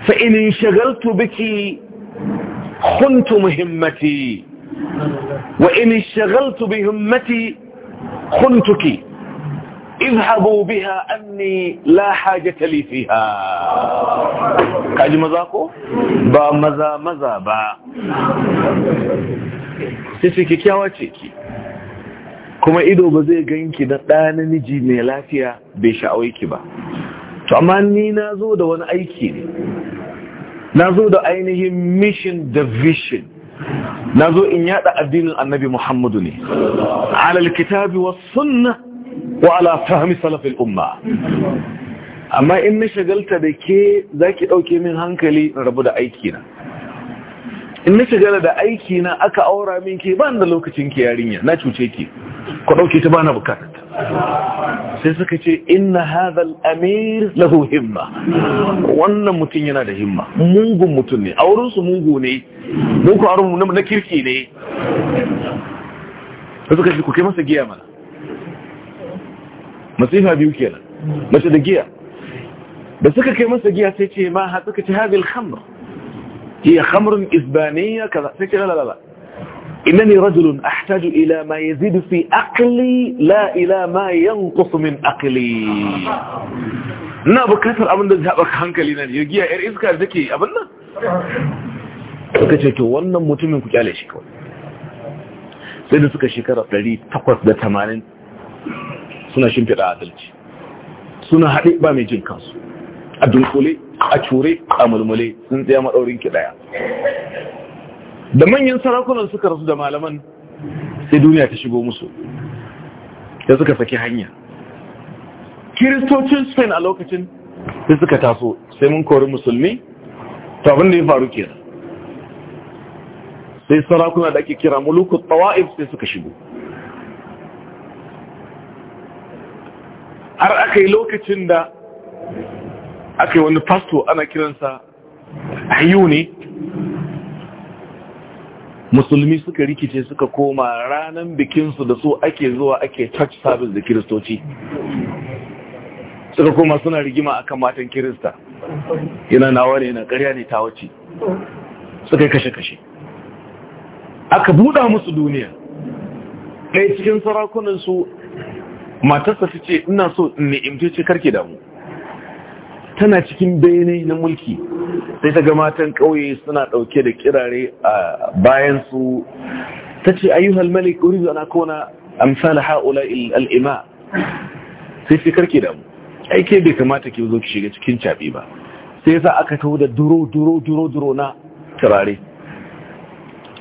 fa in shagaltu biki خنت مهمتي وإن اشتغلت بهمتي خنتك اذهبوا بها أني لا حاجة لي فيها كاج مزاكو با مزا مزا با سيسيكي كيا واتيكي كما ba بزي ganki na نجي ميلاتيا mai lafiya bai sha'awai ki ba to na zo da ainihin mission da vision na zo in yada addinin annabi muhammadu ne alal kitabi wa sunna wa ala fahmi salafin umma amma in na shagalta da ke za ki ɗauke min hankali in rabu da aikina in na shagala da aikina aka aura min ke ba da lokacin ke yarinya na cuce ki ku ɗauke ta ba na bukatar sai suka ce inna al amir lahu himma wannan mutum yana da himma mungun mutum ne auren su mungu ne muku mu na kirki ne sai suka ce ku kai masa giya mana masifa biyu kenan mace da giya da suka kai masa giya sai ce ma suka ce al khamr hiya khamrun isbaniya kaza sai ce la la la إنني رجل أحتاج إلى ila يزيد في أقلي لا إلى ما ينقص من أقلي ina bukatar abin da zai hankali na ya giya yar iska da take abin nan suka ce to wannan mutumin ku kyale shi kawai sai da suka shekara 880 suna shimfiɗa adalci suna haɗe ba mai jin kansu a dunkule a cure a mulmule sun tsaya maɗaurin ki ɗaya da manyan sarakunan suka rasu da malaman sai duniya ta shigo musu da suka saki hanya kiristocin spain a lokacin sai suka taso sai mun kori musulmi to abin ya faru kenan sai sarakuna da ake kira muluku tawa'if sai suka shigo har aka yi lokacin da aka yi wani fasto ana kiransa hayu ne musulmi suka rikice suka koma ranan bikinsu da su ake zuwa ake church service da kiristoci suka koma suna rigima akan matan kirista yana nawa ne yana karya ne ta wace suka yi kashe-kashe aka buɗa musu duniya ɗaya cikin sarakunan su matarsa ta ce ina so in imtace ce karki damu tana cikin bene na mulki sai ta ga matan ƙauye suna ɗauke da kirare a bayansu ta ce ayyuhal malik uridu ana kona amsal ha'ula al'ima sai fi karki da mu aike bai kamata ki zo ki shiga cikin caɓi ba sai yasa aka tau da duro duro duro duro na turare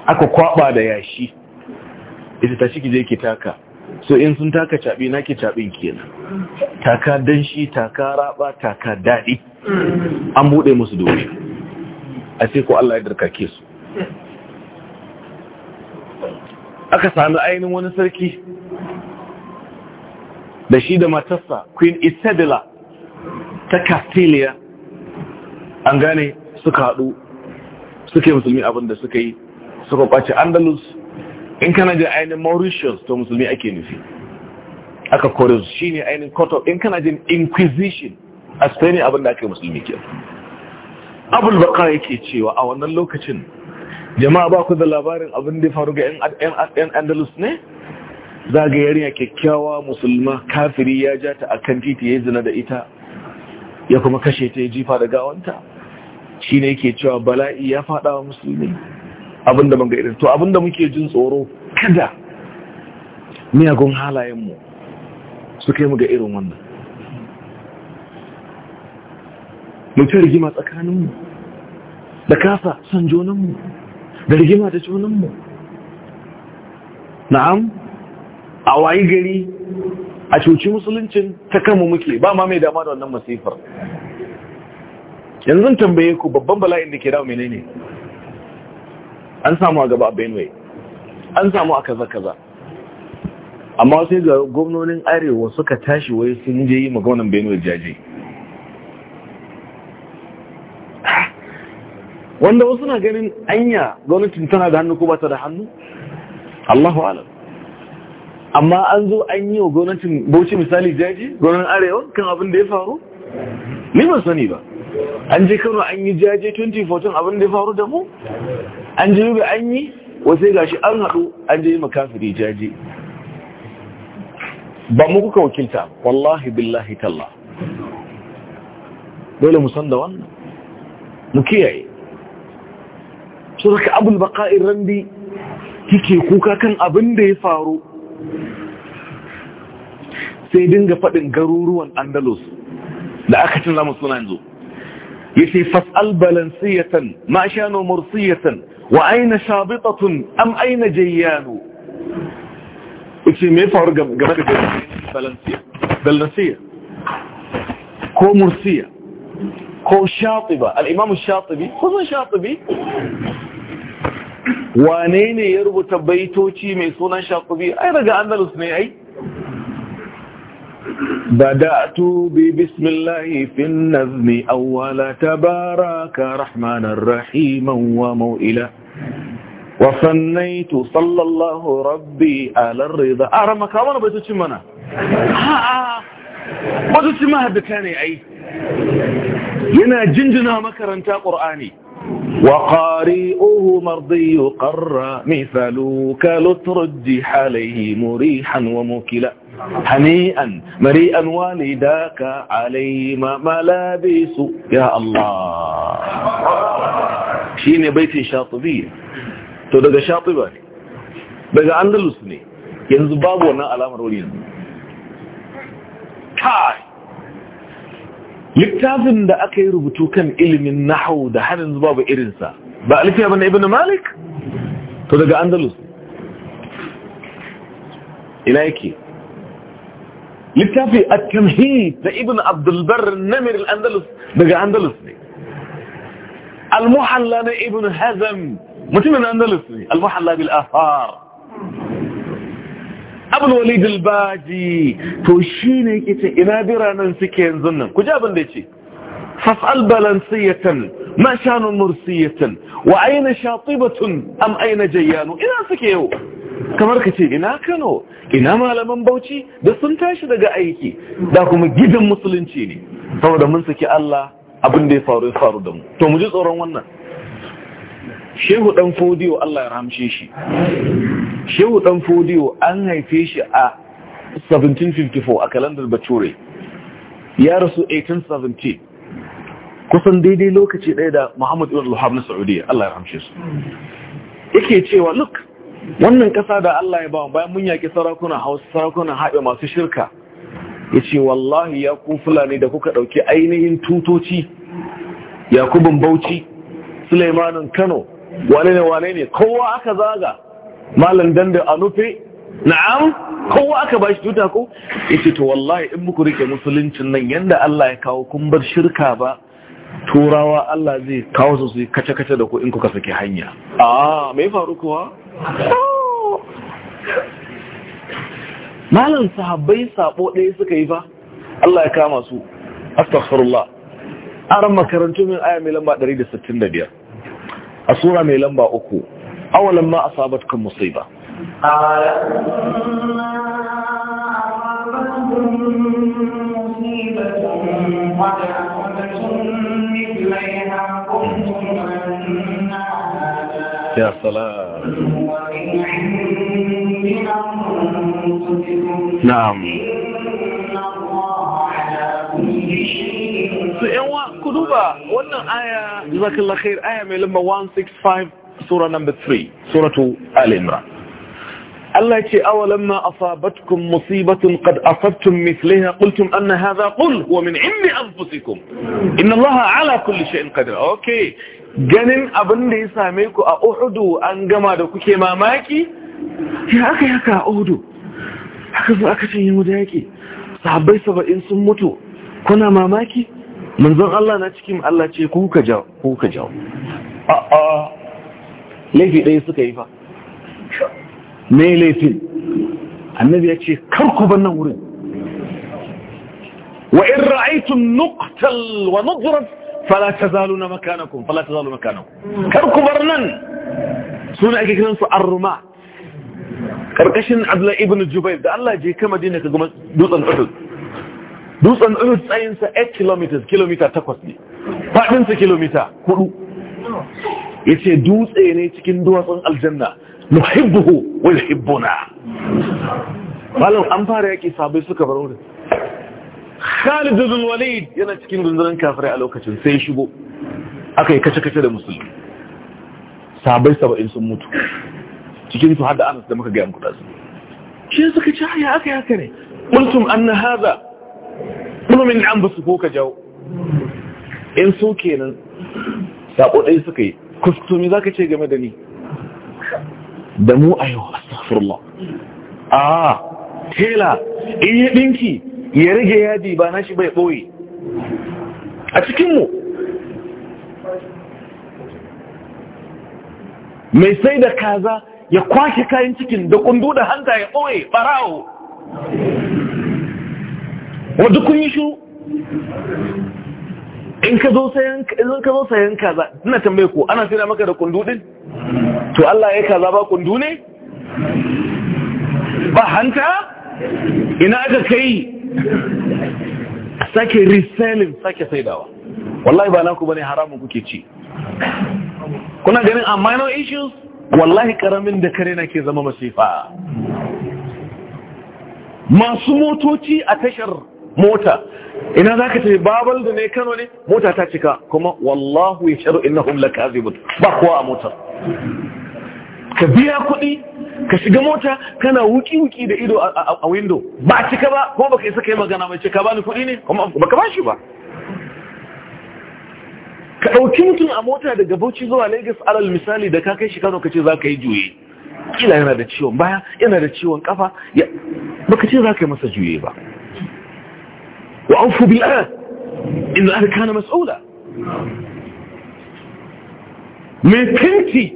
aka kwaɓa da yashi ita ta shi ki je ki taka so in sun taka caɓi na ke caɓin kenan taka danshi taka raba taka daɗi an buɗe musu dole a ce ko Allah ya darkake su aka sami ainihin wani sarki da shi da matarsa queen isabella ta castilia an gane suka haɗu suke musulmi abinda suka yi suka kwace andalus in kana jin ainihin mauritius to musulmi ake nufi aka kore su shi ne ainihin court in kana jin inquisition a spain abin da ake musulmi ke abul yake cewa a wannan lokacin jama'a ba ku da labarin abin da faru ga yan andalus ne zagayar a kyakkyawa musulma kafiri ya ja ta a kan titi ya zina da ita ya kuma kashe ta ya jifa da gawanta shi ne yake cewa bala'i ya faɗawa musulmi abinda mun ga irin to abinda muke jin tsoro kada miyagun halayenmu su kai mu ga irin wannan mutum rigima tsakaninmu da kasa son jonanmu da rigima da jonanmu na'am a wayi gari a cuci musuluncin ta kanmu muke ba ma mai dama da wannan masifar yanzu tambaye ku babban bala'in da ke damu menene ne an samu a gaba a benue an samu a kaza kaza amma sai ga gwamnonin arewa suka tashi wai sun je yi magaunan benue jaje wanda wasu na ganin anya gwamnatin tana da hannu ko ba ta da hannu allahu alam amma an zo an yi wa gwamnatin bauchi misali jaji gwamnan arewa kan abin da ya faru ni ban sani ba an je kano an yi jaje 2014 abin da ya faru da mu an ji yuga an yi wasu gashi an haɗu an je yi makafiri jaji ba mu kuka wakilta wallahi billahi talla dole mu da wannan mu kiyaye su zaka abul baka'in randi kike kuka kan abin da ya faru sai dinga faɗin garuruwan andalus da aka cin zama suna yanzu ya fas'al balansiyatan ma'ashano mursiyatan وأين شابطة أم أين جيان اسمي فهر جمالك بلنسية بلنسية كو مرسية كو شاطبة الإمام الشاطبي كو شاطبي وانين يربط بيتوشي ميسونا شاطبي أي رجاء أندلس ميعي بدأت ببسم الله في النظم أول تبارك رحمن الرحيم وموئلة وفنيت صلى الله ربي على الرضا أرى آه، مكامنا بيتوش ها آه، آه، بيتوش ما بكاني أي ينا جنجنا مكرنتا قرآني وقارئه مرضي قر مثلك لترجح عليه مريحا وموكلا هنيئا مريئا والداك عليهما ملابس يا الله شيني baitin شاطبية to daga shatiba ne daga andalus ne yanzu babu wannan alamar wuri yanzu kai littafin da aka yi rubutu kan ilimin nahau da har yanzu babu irinsa ba alfiya bane ibn malik to daga andalus ina yake littafi a tamhid da ibn abdulbar namir al-andalus daga andalus ne al-muhalla na ibn hazam mutumin andalus ne al-muhalla bil afar abin walid dalbaji, to shi ne yake ce ina biranen suke yanzu nan ku ji abin da ce fas'al balansiyatan ma shanun mursiyatan wa aina shatibatun am aina jayyanu ina suke yau kamar ka ce ina kano ina malaman bauchi da sun tashi daga aiki da kuma gidan musulunci ne saboda mun saki Allah abin da ya faru ya faru da mu to mu ji tsoron wannan shehu dan fodiyo Allah ya ramshe shi shehu dan fodiyo an haife shi a 1754 a kalandar bature ya rasu 1817 kusan daidai lokaci ɗaya da Muhammad ibn Luhab na Saudiya Allah ya ramshe su yake cewa look wannan ƙasa da Allah ya ba bayan mun yaki sarakuna hausa sarakuna haɓe masu shirka ya ce wallahi ya ku fulani da kuka ɗauki ainihin tutoci yakubin bauchi sulaimanin kano wane ne wane ne kowa aka zaga malam danda a nufe na'am kowa aka ba shi tuta ko ya ce to wallahi in muku rike musuluncin nan yadda Allah ya kawo kun bar shirka ba turawa Allah zai kawo su su kace-kace da ku in kuka sake hanya a mai faru kuwa Oh. malam sahabbai sabo ɗaya suka yi ba? Allah ya kama su astaghfirullah aran makarantu min aya mai lamba 165 a sura mai lamba 3 awalan ma asabatkum musiba Ya سلام na'am su yanwa ku duba wannan aya zakin khair aya mai lamba 165 sura number 3 suratu al Allah ce a asabatkum musibatun qad asabtum mithlaha qultum anna hadha kul wa min indi anfusikum inna Allaha ala kulli shay'in qadir ganin abin da ya same ku a Uhudu an gama da kuke mamaki ya aka yi haka a odo haka zo aka cin yamu da yaƙi sahabbai saba'in sun mutu kuna mamaki manzon Allah na cikin Allah ce ku ka jawo ku jawo a a laifi ɗaya suka yi fa me laifin annabi ya ce kar ku bar nan wurin wa in ra'aytum nuqtal wa nudrat fala tazaluna makanakum fala tazalu makanakum kar ku bar nan suna ake kiransu arruma Ƙarƙashin abdullah ibn jubair da Allah je ka madina ka ga dutsen uhud dutsen uhud tsayinsa sa 8 km kilomita 8 ne faɗinsa sa kilomita 4 yace dutse ne cikin duwatsun aljanna nuhibbuhu wa yuhibbuna malam an fara yaki sabai suka bar wurin Khalid bin Walid yana cikin rundunar kafirai a lokacin sai shigo aka yi kace-kace da musulmi sabai saba'in sun mutu cikin su hada anas da muka ga yanku dazu shi suka ci haya ah, aka yaka ne kuntum anna haza. kullu min an basu ko ka jawo in so kenan sako dai suka yi za zaka ce game da ni da mu ayo astaghfirullah ah tela in yi dinki ya rage yadi ba na shi bai boye a cikin mu mai sai da kaza ya kwashe kayan cikin da kundu da hanta ya ɓoye ɓarawo wadda kun yi shu in ka zo sayan kaza ina tambaye ko ana sai maka da kundu din to Allah ya kaza ba kundu ne ba hanta ina aka kai sake reselling sake saidawa wallahi ba na ku bane haramun kuke ci kuna ganin a minor issues wallahi karamin da kare na ke zama masifa masu motoci a tashar mota ina za ka ce babal da ne kano ne mota ta cika kuma wallahu ya sharu ina hun mutu, ba kowa a motar ka biya kuɗi ka shiga mota kana wuki-wuki da ido a windo ba cika ba kuma baka isa yi magana mai cika ba ni kuɗi ne kuma baka ba shi ba ka ɗauki mutum a mota daga bauchi zuwa lagos alal misali da ka kai shi kano ka ce za ka yi juye kila yana da ciwon baya yana da ciwon kafa baka ce za ka yi masa juye ba wa an fi biya inda aka kana matsaula mai fenti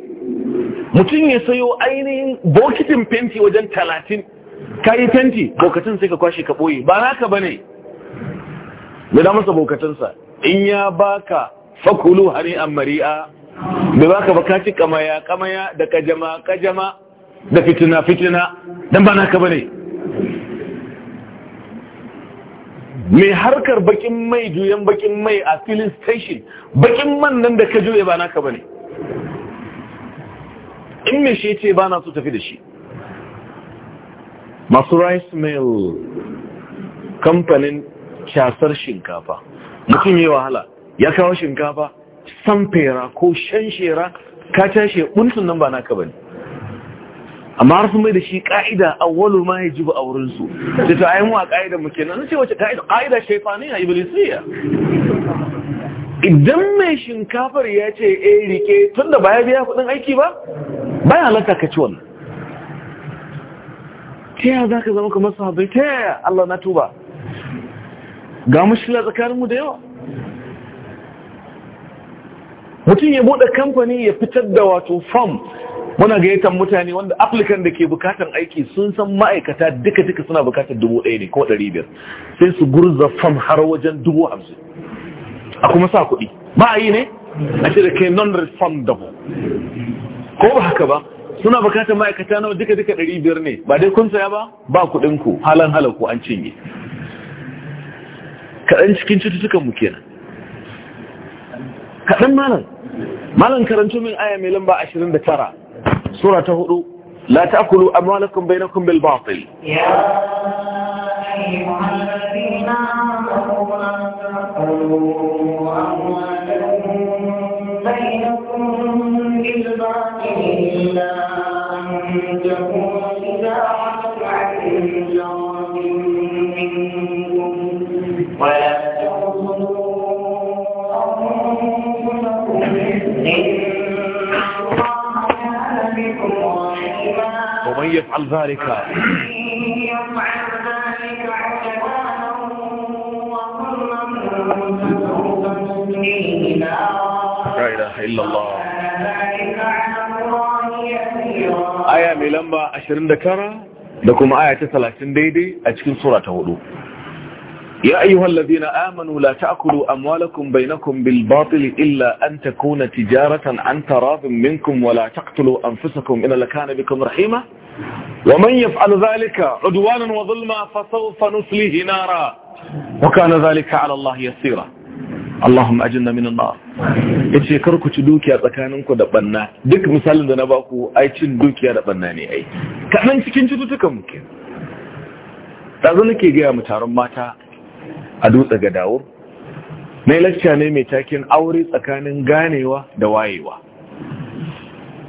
mutum ya sayo ainihin bokitin fenti wajen talatin ka yi fenti bokatin sai ka kwashe ka ɓoye ba naka ba ne da damarsa bokatinsa in ya baka fakulu an mari'a da za ka baka ci kamaya kamaya da kajama kajama da fitina fitina don ba naka ka bane mai harkar bakin mai juyan bakin mai a filin station bakin man nan da ka juya ba naka ka bane in mai shi ce ba na so tafi da shi masu rice mill kamfanin casar shinkafa mutum yi wahala ya kawo shinkafa samfera ko shanshera ka tashi buntun nan ba naka bane amma har sun mai da shi ka'ida awwalu ma yajibu a wurinsu. su ta ayi mu a ka'idar mu kenan ce wace ka'ida ka'ida a Ibilisiyya. idan mai shinkafar ya ce eh rike tunda ba ya biya kudin aiki ba baya halatta ka ci wannan ta yaya za ka zama kamar sahabai ta yaya Allah na tuba ga mushkila tsakaninmu da yawa mutum ya bude kamfani ya fitar da wato form muna gayyatar mutane wanda applicant da ke bukatan aiki sun san ma'aikata duka duka suna bukatar dubu ɗaya ne ko ɗari biyar sai su gurza fam har wajen dubu hamsin a kuma sa kuɗi ba a yi ne a ce da ke non-refundable ko ba haka ba suna bukatar ma'aikata nawa duka duka ɗari biyar ne ba dai kun saya ba ba kuɗin ku halan halaku an cinye kaɗan cikin cututtukan mu kenan kaɗan malam malam karanto min aya mai lamba 29 sura ta hudu لا تأكلوا أموالكم بينكم بالباطل يا أيها الذين آمنوا لا تأكلوا أموالكم بينكم بالباطل إلا أن تكون ومن mai lamba لا إله إلا da kuma aya ta 30 daidai a cikin sura ta 4 يا أيها الذين آمنوا لا تأكلوا أموالكم بينكم بالباطل إلا أن تكون تجارة عن تراض منكم ولا تقتلوا أنفسكم إن لكان بكم رحيمة ومن يفعل ذلك عدوانا وظلما فسوف نسليه نارا وكان ذلك على الله يسيرا اللهم أجلنا من النار yace kar ku ci dukiya tsakaninku da banna duk misalin da na baku ai cin dukiya da banna ne cikin cututtukan mu ke ɗazu nake gaya mu mata a dutse ga mai na lacca ne mai takin aure tsakanin ganewa da wayewa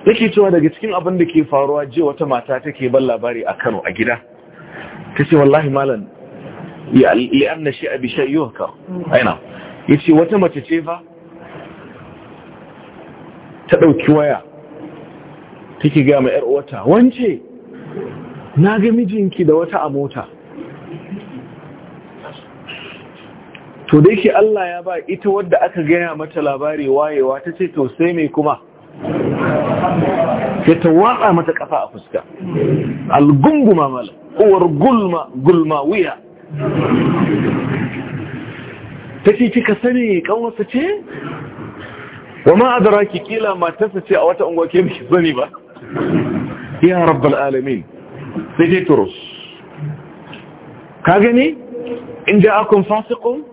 yake cewa daga cikin abin da ke faruwa je wata mata take ban labari a kano a gida ta ce wallahi malam li'an na shi a bishiyar ka mm. aina ya ce wata mace ce fa ta ɗauki waya take gama 'yar wata wance na ga mijinki da wata a mota to dai shi Allah ya ba ita wadda aka gaya mata labari wayewa ta ce to sai mai kuma ya ta watsa mata kafa a fuska algunguma mala uwar gulma gulma wuya ta ce kika sani ƙanwarsa ce wa ma adraki kila matarsa ce a wata unguwa ke mai zani ba ya rabbal alamin sai dai turus ka gani inda akun fasikun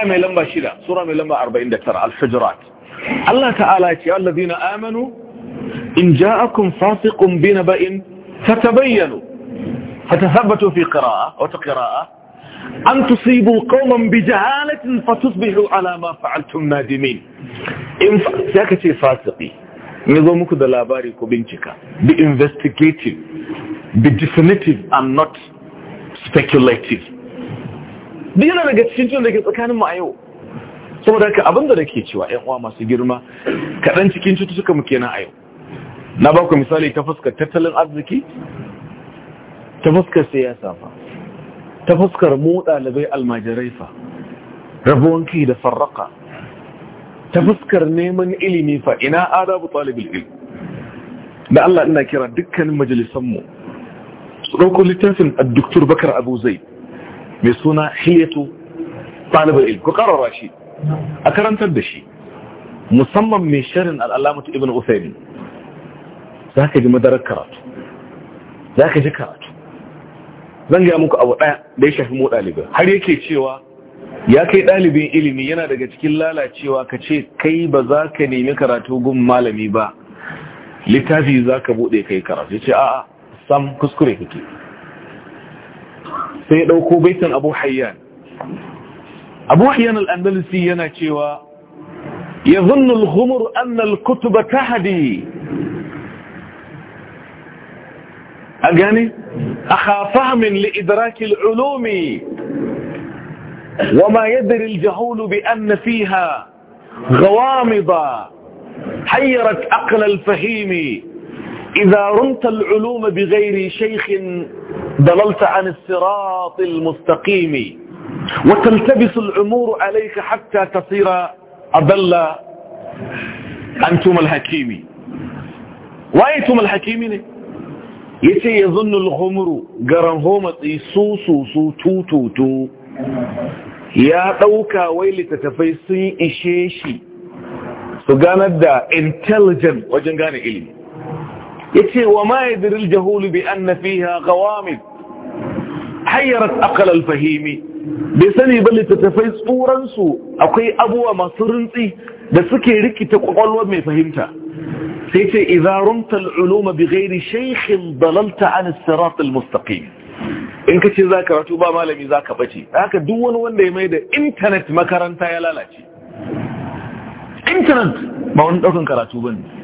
ايه مي لمبا شيدا سوره مي لمبا 49 الحجرات الله تعالى يا الذين امنوا ان جاءكم فاسق بنبأ فتبينوا فتثبتوا في قراءه وتقراءه ان تصيبوا قوما بجهاله فتصبحوا على ما فعلتم نادمين ان ذاكتي فاسقي نظامك ده لاباري كوبينتيكا بي انفستيجيتيف بي ديفينيتيف ام نوت speculative duk yana daga cikin ciwon da ke tsakanin mu a yau saboda haka abinda da ke cewa 'yan uwa masu girma kaɗan cikin cututtuka muke na a yau na ba ku misali ta fuskar tattalin arziki ta fuskar siyasa fa ta fuskar mu ɗalibai almajirai fa rabuwan kai da farraka ta fuskar neman ilimi fa ina adabu talibul ilm da Allah ina kira dukkanin majalisanmu su ɗauko littafin a Dr. Bakar Abu mai suna hilyatu talibar ilm ko karara shi a karantar da shi musamman mai sharin al'alamatu ibn usaini za ka ji madarar karatu za ka ji karatu zan gaya muku abu ɗaya da ya shafi mu ɗalibai har yake cewa ya kai ɗalibin ilimi yana daga cikin lalacewa ka ce kai ba za ka nemi karatu gun malami ba littafi za ka buɗe kai karatu ya ce a'a sam kuskure kake sai dauko baitan abu hayyan abu hayyan al-andalusi yana cewa ya zunnul humur annal kutuba ta hadi a gani a fahimin li'idrakil ulumi jahul bi anna fiha ghawamida غوامض aql al-fahimi إذا رمت العلوم بغير شيخ ضللت عن الصراط المستقيم وتلتبس الأمور عليك حتى تصير أضل أنتم الحكيم وأنتم الحكيمين يتي يظن الغمر قرن قرنهومة تو تو يا قوكا ويلي تتفيصي إشيشي فقامت دا intelligent وجنقاني إلي yace wa ma yadri al jahul bi anna fiha qawamid hayrat aqal al fahim bi sani balli tatafai tsuran akwai abuwa masu rintsi da suke rikita kwakwalwar mai fahimta sai ce idza rumta al ulum bi ghairi shaykh dalalta an al sirat al mustaqim in kace za ka ba malami za ka bace haka duk wani wanda ya mai da intanet makaranta ya lalace Intanet! ba wani ɗaukan karatu ba bane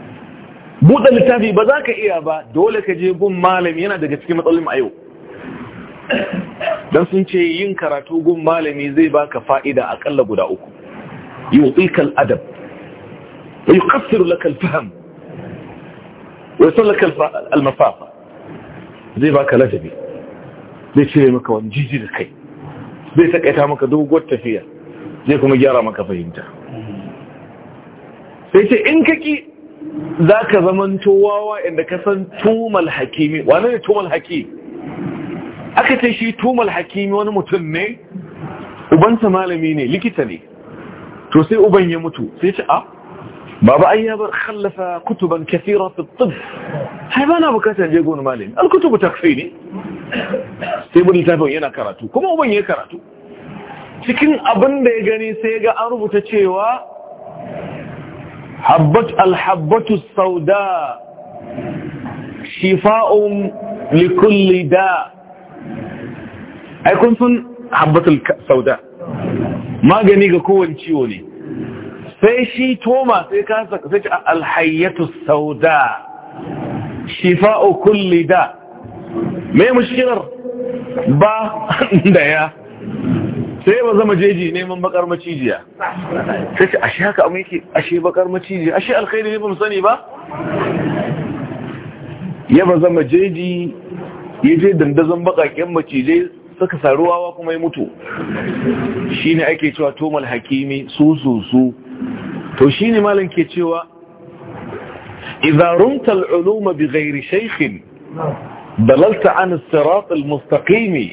buɗe littafi ba za ka iya ba dole ka je gun malami yana daga cikin matsalolin a yau don sun ce yin karatu gun malami zai baka fa'ida aƙalla guda uku yi wutsikan adam wa yi kafsir lakal faham wa son lakal almafafa zai baka ladabi zai cire maka wani jijir da kai zai takaita maka doguwar tafiya zai kuma gyara maka fahimta sai ce in kaki za ka zamanto wawa inda ka san tumal hakimi wane ne tumal hakimi aka ce shi tumal hakimi wani mutum ne Ubanta malami ne likita ne to sai uban ya mutu sai ce a ah, baba ai ya bar khallafa kutuban kafira fi tib hai bana bukatar je gona malami alkutubu takfi ne sai bin littafin yana karatu kuma uban ya karatu cikin abin da ya gani sai ga an rubuta cewa حبة الحبة السوداء شفاء لكل داء أي سن حبة السوداء ما قنيك كون تيوني سيشي توما سيكاسك سيش الحية السوداء شفاء كل داء ما مشكلة با *laughs* دايا sai ba zama jeji neman bakar macijiya sai ce ashe haka amma yake ashe bakar macijiya ashe alkhairi ne ba mu sani ba ya ba zama jeji ya je dandazon bakaken macijai suka saruwawa kuma ya mutu shi ne ake cewa tomal hakimi su su su to shi ne malin ke cewa idharumta al'uluma bi gairi shaikhin dalalta an sirat mustaqimi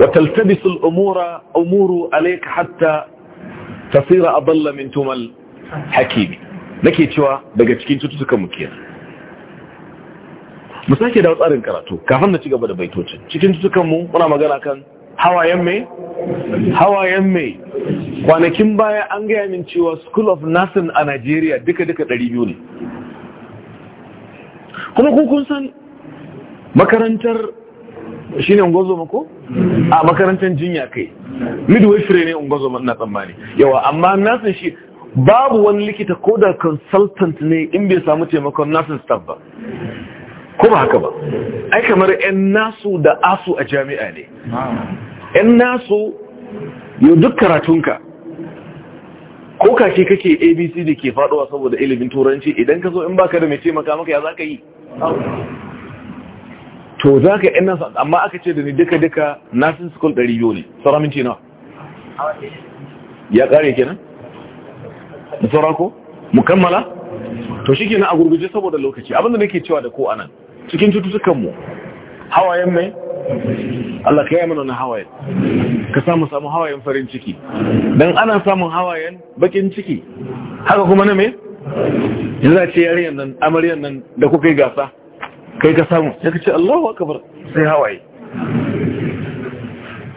وتلتبس الأمور أمور عليك حتى تصير أضل من تمل حكيم nake cewa daga cikin cututtukan mu kenan mu sake da tsarin karatu kafin na ci gaba da baitocin cikin cututtukan mu muna magana kan hawayen mai hawayen mai kwanakin baya an gaya min cewa school of nursing a Najeriya duka duka 200 ne kuma kun san makarantar ne ungozoma ko a makarantar jinya kai midwifery ne ungozoma na tsammani yawa amma nasin shi babu wani likita ko da consultant ne in bai samu taimakon nasin staff ba ko ba haka ba ai kamar yan nasu da asu a jami'a ne yan nasu yau duk karatunka ko kake kake abc da ke faduwa saboda ilimin turanci idan ka zo in baka da mai taimaka maka ya za ka yi to za ka yi nan amma aka ce da ni duka duka nursing school 200 ne sauran minti nawa ya kare kenan da sauran ko mukammala to shi kenan a gurguje saboda lokaci abinda nake cewa da ko nan. cikin cututtukanmu hawayen mai Allah ka yi mana na hawayen ka samu samu hawayen farin ciki don ana samun hawayen bakin ciki haka kuma na mai yanzu ce yariyan nan amaryan nan da kuka yi gasa kai ka samu ya ka ce Allahu kabar sai hawaye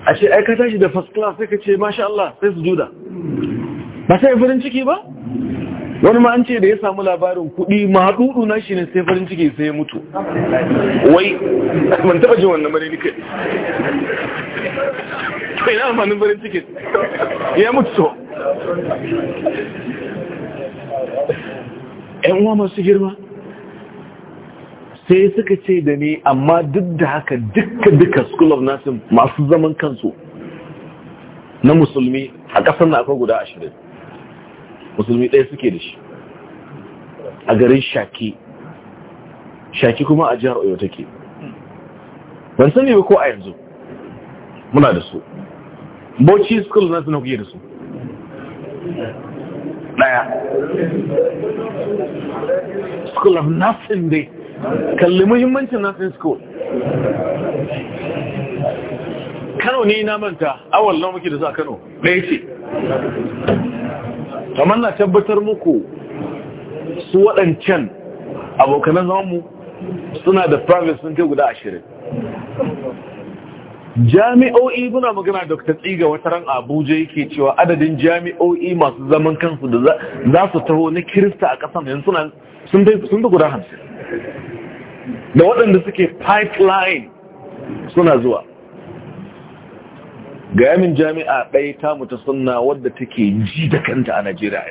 a ce ai ka tashi da first class sai ka ce masha Allah sai su juda ba sai farin ciki ba wani ma an ce da ya samu labarin kuɗi ma dudu na shi ne sai farin ciki sai ya mutu wai man taɓa jin wannan bane nika Kai na amfanin farin ciki ya mutu so? Yan uwa masu girma sai suka ce da ni amma duk da haka dukkan duka school of nursing masu zaman kansu na musulmi a ƙasar na akwai guda ashirin musulmi ɗaya suke da shi a garin shaki shaki kuma a jihar oyo take ban sani ba ko a yanzu muna da su bauchi school na suna kuke da su ɗaya school of nursing dai kalli muhimmancin nursing school kano ne na manta awal na muke da za kano ɗaya ce kamar na tabbatar muku su waɗancan abokanan zamanmu suna da private sun kai guda ashirin jami'o'i muna magana dr tsiga wata ran abuja yake cewa adadin jami'o'i masu zaman kansu da za su taho na kirista a kasan yanzu sun da guda hamsin da waɗanda suke pipeline suna zuwa ga yamin jami'a ɗaya ta mutu suna wadda take ji da kanta a najeriya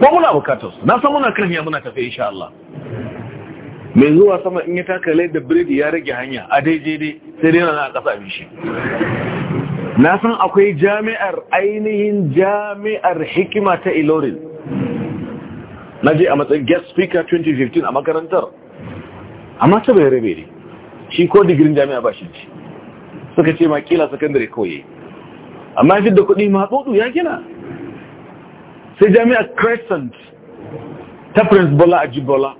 ko muna bukatar na san muna kan ya muna tafiya insha Allah mai zuwa sama in ya taka da biredi ya rage hanya a daidai dai sai dai na kasa shi na san akwai jami'ar ainihin jami'ar hikima ta ilorin na je a matsayin guest speaker 2015 a makarantar amma ta bai rabe ne shi ko digirin jami'a ba shi ce suka ce ma kila sakandare koye amma ya fi da kuɗi tsotsu ya gina sai jami'ar crescent ta prince bola ajibola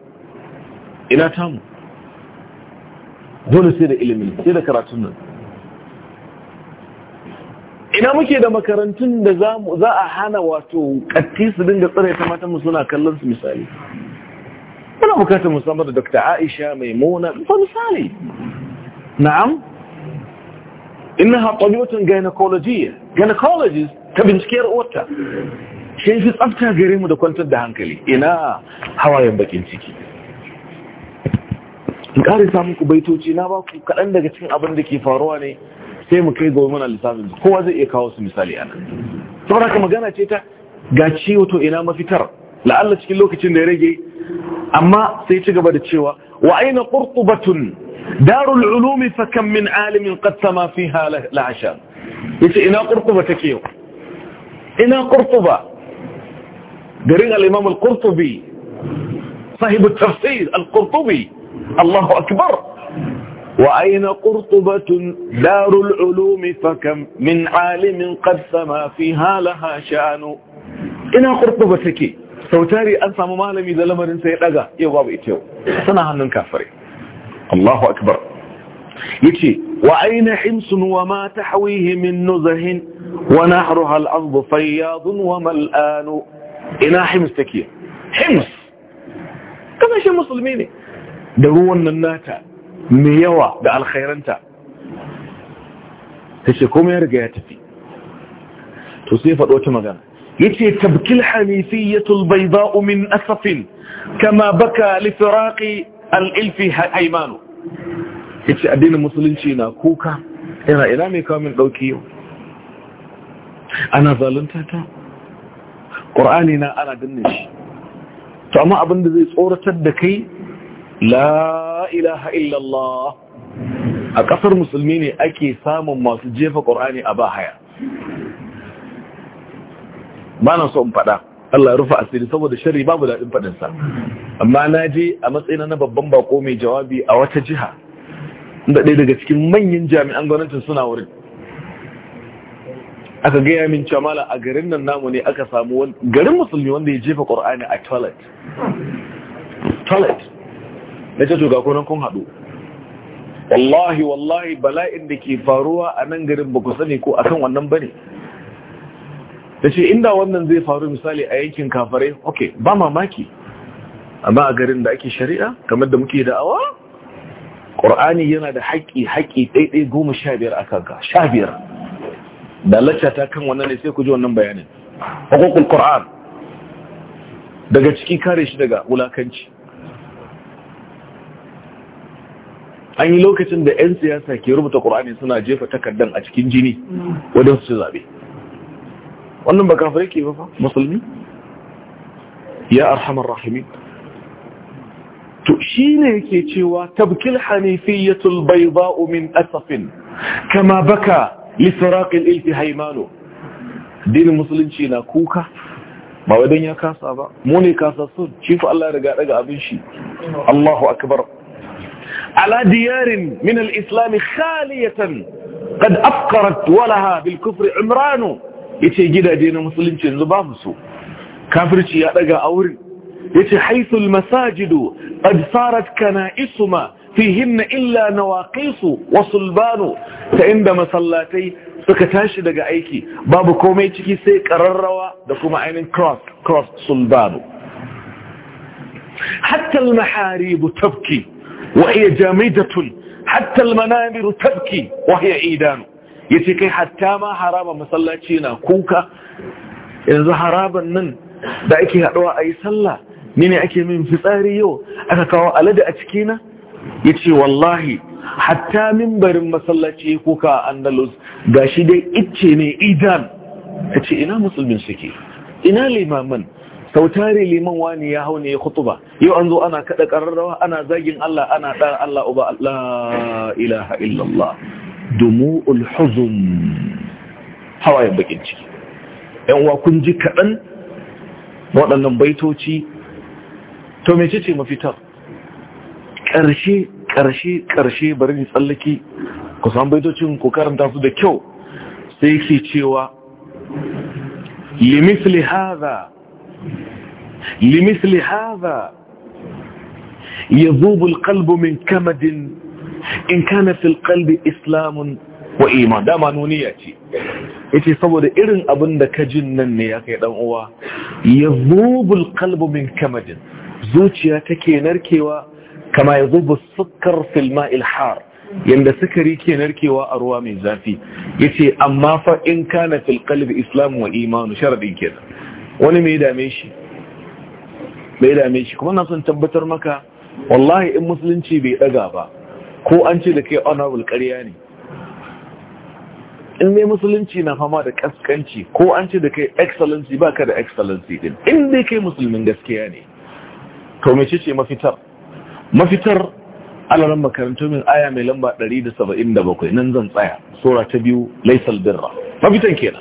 ina tamu dole sai da ilimi sai da karatun nan ina muke da makarantun da za a hana wato katti su dinga tsare ta matan suna kallon su misali muna bukatar musamman da dr aisha mai mona ba misali na'am innaha tabi'atun gynecology? gynecologist ta bincikiyar wata shi fi tsafta gare mu da kwantar da hankali ina hawayen bakin ciki in ƙari samun ku baitoci na ba ku kaɗan daga cikin abin da ke faruwa ne sai mu kai ga lissafin kowa zai iya kawo su misali ana saboda ka magana ce ta ga ciwo to ina mafitar la'alla cikin lokacin da ya rage amma sai ci gaba da cewa wa aina qurtubatun darul ulumi fa kam min alimin qad sama fiha la'asha yace ina qurtuba take yau ina qurtuba garin al-imam al-qurtubi sahib tafsir al-qurtubi الله أكبر وأين قرطبة دار العلوم فكم من عالم قد سما فيها لها شأن إنا قرطبتك سوتاري أنسى ممالمي ذا لمن سيقضى يواب إتيو سنهان الكافر الله أكبر يتي وأين حمص وما تحويه من نزه ونهرها الأرض فياض وما الآن إنا حمص تكي حمص كما شمص المينيك da ruwan nan nata mai yawa da alkhairanta ta ce kuma ya riga ya tafi to sai faɗo ta magana ya ce tabkil hanifiyyatul bai za'u min asafin kama baka lifiraƙi al'ilfi haimanu ya ce addinin musulunci na kuka ina ina mai kawo min ɗauki yau ana zalunta ta ƙor'ani na ana ganin shi to amma abinda zai tsoratar da kai la ilaha illallah a ƙasar musulmi ne ake samun masu jefa ƙorani a bahaya ba na so in faɗa Allah rufe asiri saboda shari babu daɗin faɗinsa amma na je a matsayin na babban bako mai jawabi a wata jiha inda ɗaya daga cikin manyan jami'an gwamnatin suna wurin aka gaya min camala a garin nan namu ne aka samu garin musulmi wanda ya jefa ƙorani a toilet toilet na ce ga kunan kun haɗu wallahi wallahi bala'in da ke faruwa a nan garin ba ku sani ko akan wannan bane ne da ce inda wannan zai faru misali a yankin kafare ok ba mamaki amma a garin da ake shari'a kamar da muke da'awa ƙor'ani yana da haƙƙi haƙƙi ɗaiɗai goma sha biyar a kanka sha biyar da ta kan wannan ne sai ku ji wannan bayanin hukukul ƙor'an daga ciki kare shi daga wulakanci an yi lokacin da 'yan siyasa ke rubuta ƙur'ani suna jefa takardan a cikin jini wadda su zaɓe wannan ba kafirai ke ba musulmi ya arhamar rahimi to shi ne yake cewa tabkil bai ba min asafin kama baka lissarakin ilfi haimano dinin musulunci na kuka ba wadanda ya kasa ba mu ne kasa shi fa Allah ya riga daga abin shi Allahu akbar على ديار من الإسلام خالية قد أفقرت ولها بالكفر عمران يتي جدا دين مسلم تنزبامسو كافرش يألقى أوري يتي حيث المساجد قد صارت كنائسما فيهن إلا نواقيس وصلبان فإنما صلاتي suka tashi daga aiki babu komai ciki sai kararrawa da kuma ainihin cross cross sulbanu hatta al-maharibu tabki وهي جامدة حتى المنامر تبكي وهي إيدان يتكي حتى ما حرام مسلاتينا كوكا إذا حرابا من دعك هدواء أي صلى من أكي من فطاري يو أكاكوا ألد أتكينا يتكي والله hatta mimbarin masallaci kuka andalus gashi dai icce ne idan ta ce ina musulmin suke ina limaman Sautari tare liman wani ya hau ne ya khutuba yau an zo ana kada kararrawa ana zagin Allah ana ɗa Allah uba la ilaha illallah dumu'ul huzum hawayen bakin ciki yan uwa kun ji kaɗan, waɗannan baitoci to me ce mafitar ƙarshe ƙarshe ƙarshe bari ni tsallaki ku san baitocin ku karanta su da kyau sai ke cewa limithli hadha لمثل هذا يذوب القلب من كمد إن كان في القلب إسلام وإيمان دام نونيتي إتي صور إرن أبن دك جنن ياكي دموا يذوب القلب من كمد زوجي تكي نركي كما يذوب السكر في الماء الحار يند سكري كي نركي وأروى من زافي إتي أما فإن كان في القلب إسلام وإيمان شرد كذا wani mai dame shi bai dame shi kuma na son tabbatar maka wallahi in musulunci bai daga ba ko an ce da kai honorable ƙarya ne in dai musulunci na fama da kaskanci ko an ce da kai excellency ba ka da excellency din in dai kai musulmin gaskiya ne to mece ce mafitar mafitar alaran makarantu min aya mai lamba 177 nan zan tsaya sura ta biyu laisal birra mafitan kenan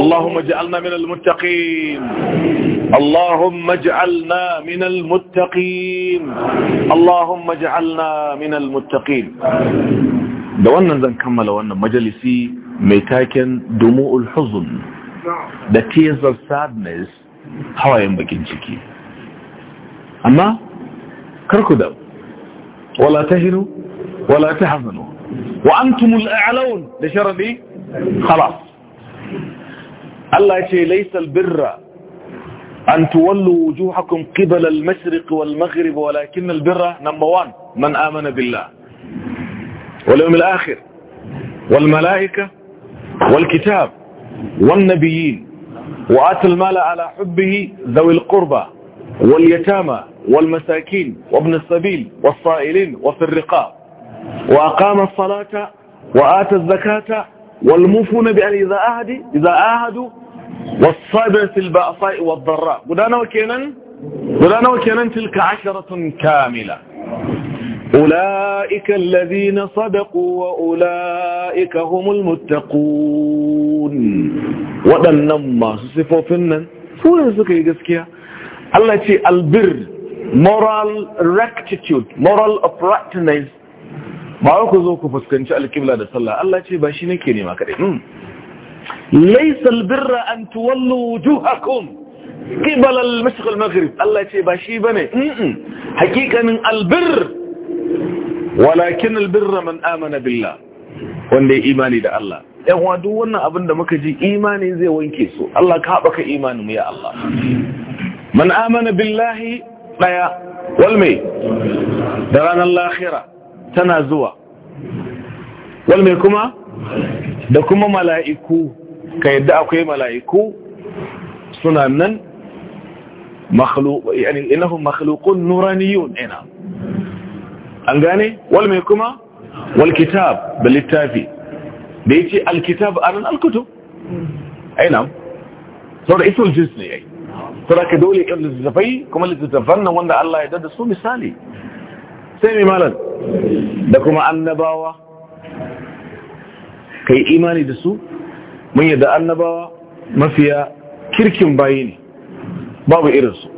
اللهم اجعلنا من المتقين اللهم اجعلنا من المتقين اللهم اجعلنا من المتقين ده وانا نكمل وانا مجلسي ميتاكن دموع الحزن the tears of sadness هوا ينبكين شكي اما كركو دو ولا تهنوا ولا تحزنوا وانتم الاعلون لشربي خلاص الله يشي ليس البر أن تولوا وجوهكم قبل المشرق والمغرب ولكن البر نمبر وان من آمن بالله واليوم الآخر والملائكة والكتاب والنبيين وآت المال على حبه ذوي القربى واليتامى والمساكين وابن السبيل والصائلين وفي الرقاب وأقام الصلاة وآت الزكاة والمفون بأن إذا أهدي إذا أهدوا والصابر في البأصاء والضراء قدانا وكينا قدانا وكينا تلك عشرة كاملة أولئك الذين صدقوا وأولئك هم المتقون وأنهم ما سسفوا فينا سوى سكي جسكيا التي البر moral rectitude moral uprightness ba ku zo ku fuskanci alƙibla da sallah Allah ce ba shi nake nema kaɗai hmm. laisal birra an tuwallu wujuhakum qibal al-mashriq al-maghrib Allah ce ba shi bane hmm. hakikanin albir walakin albirra man amana billah wanda ya imani da Allah yan uwa duk wannan abin da muka ji imani zai wanke su Allah ka haɓaka imanin mu ya Allah man amana billahi daya wal mai da ranar lahira tana zuwa wal mai kuma da kuma mala'iku ka yadda akwai mala'iku suna nan inahun makhlukun nuraniyun ina an gane wal mai kuma wal kitab da littafi da ya ce alkitab a nan alkutu aina saboda isul jins ne ya yi saboda ka dole yan littattafai kuma littattafan nan wanda Allah ya dada su misali sai mai malam da kuma annabawa ka yi imani da su mun da annabawa mafiya kirkin bayi ne babu irinsu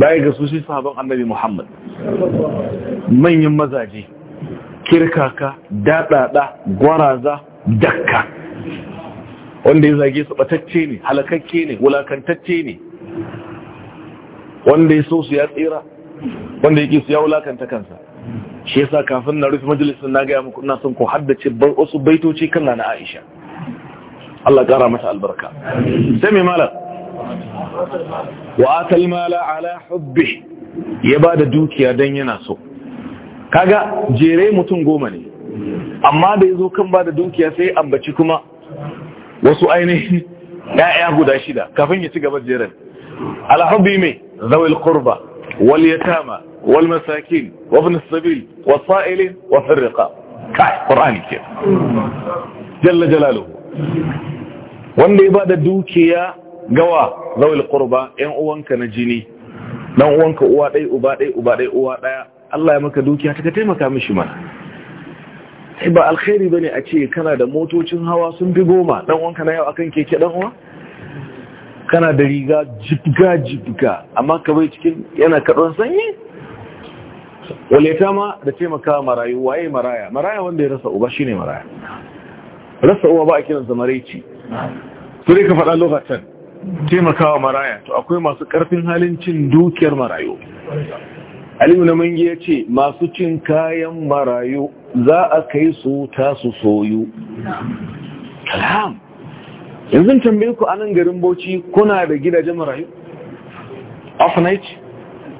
baya ga su shi sahaban annabi muhammad manyan mazaje kirkaka daɗaɗa gwaraza dakka wanda ya zage su ɓatacce ne halakakke ne wulakantacce ne wanda ya so su ya tsira wanda yake su ya wulakanta kansa shi yasa kafin na rufe majalisun na gaya muku ina son ku haddace wasu baitoci kan na Aisha Allah kara mata albarka sai mai malam wa atal mala ala hubbi ya bada dukiya dan yana so kaga jere mutum goma ne amma da ya zo kan bada dukiya sai ambaci kuma wasu ainihin *laughs* ya'ya guda shida kafin ya ci gaba jeren ala hubbi mai zawil kurba واليتامى والمساكين وابن السبيل والصائلين وفي الرقاب كاي قرآني كيف جل جلاله wanda ya bada dukiya gawa zawil qurba yan uwanka na jini dan uwanka uwa dai uba dai uba dai uwa daya Allah ya maka dukiya ta taimaka mishi mana sai ba alkhairi bane a ce kana da motocin hawa sun fi goma dan uwanka na yau akan keke ɗan uwa kana da riga jibga jibga amma ka bai cikin yana karɓar sanyi waleta ma da maka marayu waye maraya maraya wanda ya rasa uba shine maraya rasa uba ba a kiran zamaraici maraici sai ka faɗa lokacin taimakawa maraya to akwai masu ƙarfin halin cin dukiyar marayu alimu na mangi ya ce masu cin kayan marayu za a kai su ta su soyu kalam yanzu tambaye ku anan garin Bauchi kuna da gidajen marayu off night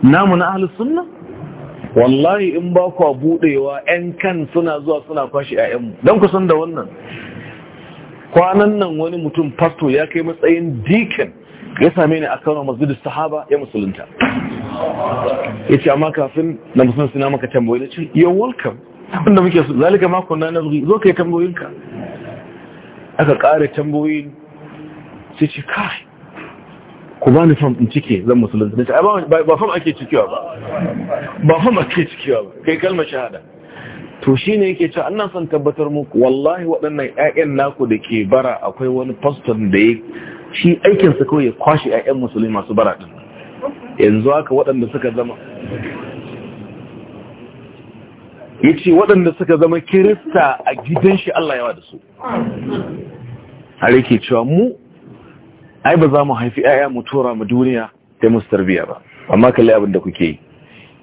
namu na ahlus sunna wallahi in ba ku budewa yan kan suna zuwa suna kwashi ƴaƴanmu dan ku san da wannan kwanan nan wani mutum fasto ya kai matsayin deacon ya same ni a kano masjidin sahaba ya musulunta ya ce amma kafin na musulun suna maka tambayi na ce you're welcome abinda muke su zalika makon na nazari zo ka yi tambayinka aka ƙare tambayoyin sai ce kai ku ba ni fam in cike zan musulunta ne ba fam ake cikewa ba ba fam ake cikewa ba kai kalmar shahada to shine yake cewa ina son tabbatar muku wallahi waɗannan ƴaƴan naku da ke bara akwai wani pastor da ya shi aikin sa kawai ya kwashi ƴaƴan musulmi masu bara din yanzu haka waɗanda suka zama yace waɗanda suka zama kirista a gidan shi Allah yawa da su har yake cewa mu ai ba za mu haifi ƴaƴa mu tura mu duniya sai musu tarbiya ba amma kalli abin da kuke yi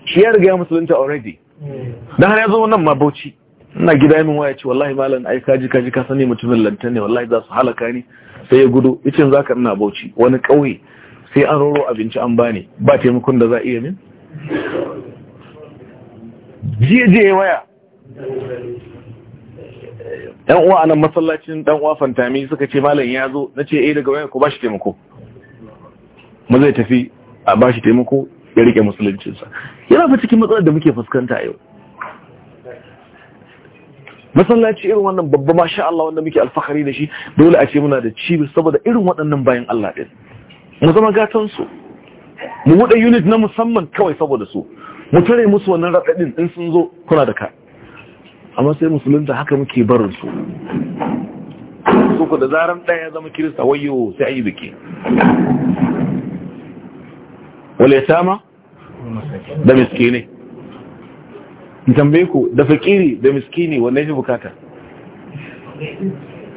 shi ya riga ya musulunta already dan har ya zo nan ma bauchi ina gida min waya ce wallahi malam ai kaji kaji ka sani mutumin lantan ne wallahi za su halaka ni sai ya gudu yace zaka ina bauchi wani kauye sai an roro abinci an bani ba taimakon da za iya min jiye jiye waya ɗan uwa anan masallacin ɗan uwa fantami suka ce malam ya zo na ce eh daga wani ku ba shi taimako mu zai tafi a ba shi taimako ya rike musuluncinsa yana fi cikin matsalar da muke fuskanta yau masallaci irin wannan babba masha Allah wanda muke alfahari da shi dole a ce muna da cibi saboda irin waɗannan bayan Allah din mu zama gatan su mu buɗe unit na musamman kawai saboda su mu tare musu wannan raɗaɗin in sun zo kuna da ka amma sai musulunta haka muke barin su su ku da zaran ɗaya zama kirista wayo sai a yi biki wale sama da miskini tambaye ku da fakiri da miskini wanda ya fi bukata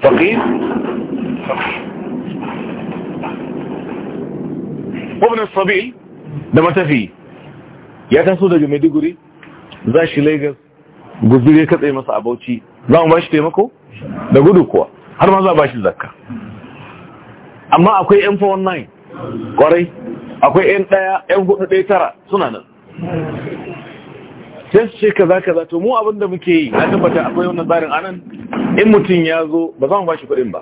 fakir wabin sabi da matafi ya taso daga maiduguri za shi lagos guzuri ya katse masa abauci. za mu ba shi taimako da gudu kuwa har ma za ba shi zakka amma akwai yan 419 kwarai akwai yan ɗaya yan hudu ɗaya tara suna nan sai su ce kaza kaza to mu abin da muke yi na tabbata akwai wannan tsarin anan in mutum ya zo ba za mu ba shi kuɗin ba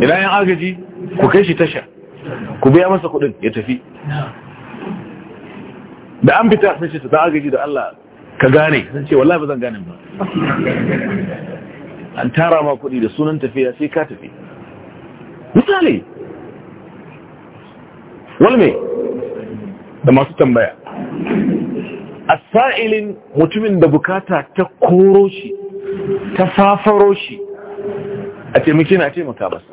ina yan agaji ku kai shi tasha ku biya masa kuɗin ya tafi da an fita sai ce ta agaji da Allah ka gane zan ce wallahi ba zan gane ba an tara ma kuɗi da sunan tafiya sai ka tafi misali walme da masu tambaya a sa'ilin mutumin da bukata ta koro shi ta fafaro shi a taimaki na taimaka basa.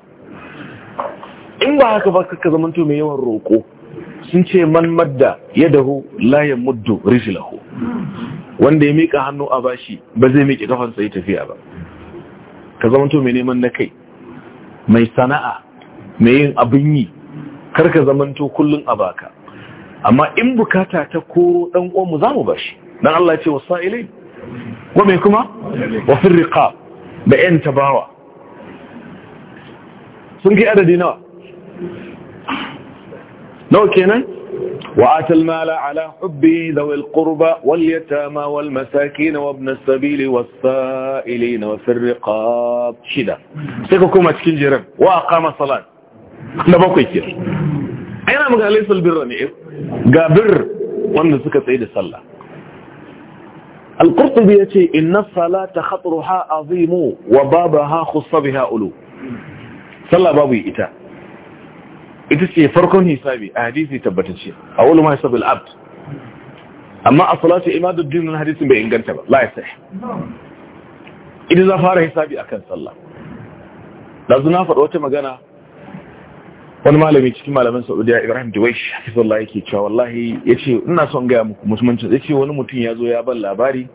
in ba haka ba kakka zamanto mai yawan roƙo sun ce man madda ya dahu layan muddu rijilahu wanda ya mika hannu a bashi ba zai miƙe kafansa yi tafiya ba ka zamanto mai neman na kai mai sana'a mai yin abin yi Kar karka zamanto kullum a baka amma in bukata ta koro ɗan uwanmu za mu bashi dan Allah ya ce wasa wa mai kuma wa firriqa da yan tabawa sun kai adadi nawa nawa kenan وآتى المال على حبه ذوي القربى واليتامى والمساكين وابن السبيل والسائلين وفي الرقاب شدة سيكوكو أتكين جرم وأقام صلاة نبقى كتير أنا مقال ليس البر نعم قابر وأن سكت عيد صلى القرطبية يتي إن الصلاة خطرها عظيم وبابها خص بها ألو صلى بابي إتاه ita ce farkon hisabi a hadisi tabbatacce a wani ma hisabi al'abd amma a salatu da na hadisin bai inganta ba la idan za fara hisabi akan sallah su na faɗa wata magana wani malami cikin malamin saudiya ibrahim duwaish hafizullah yake cewa wallahi ya ce ina son gaya muku musulmancin ya ce wani mutum ya zo ya ban labari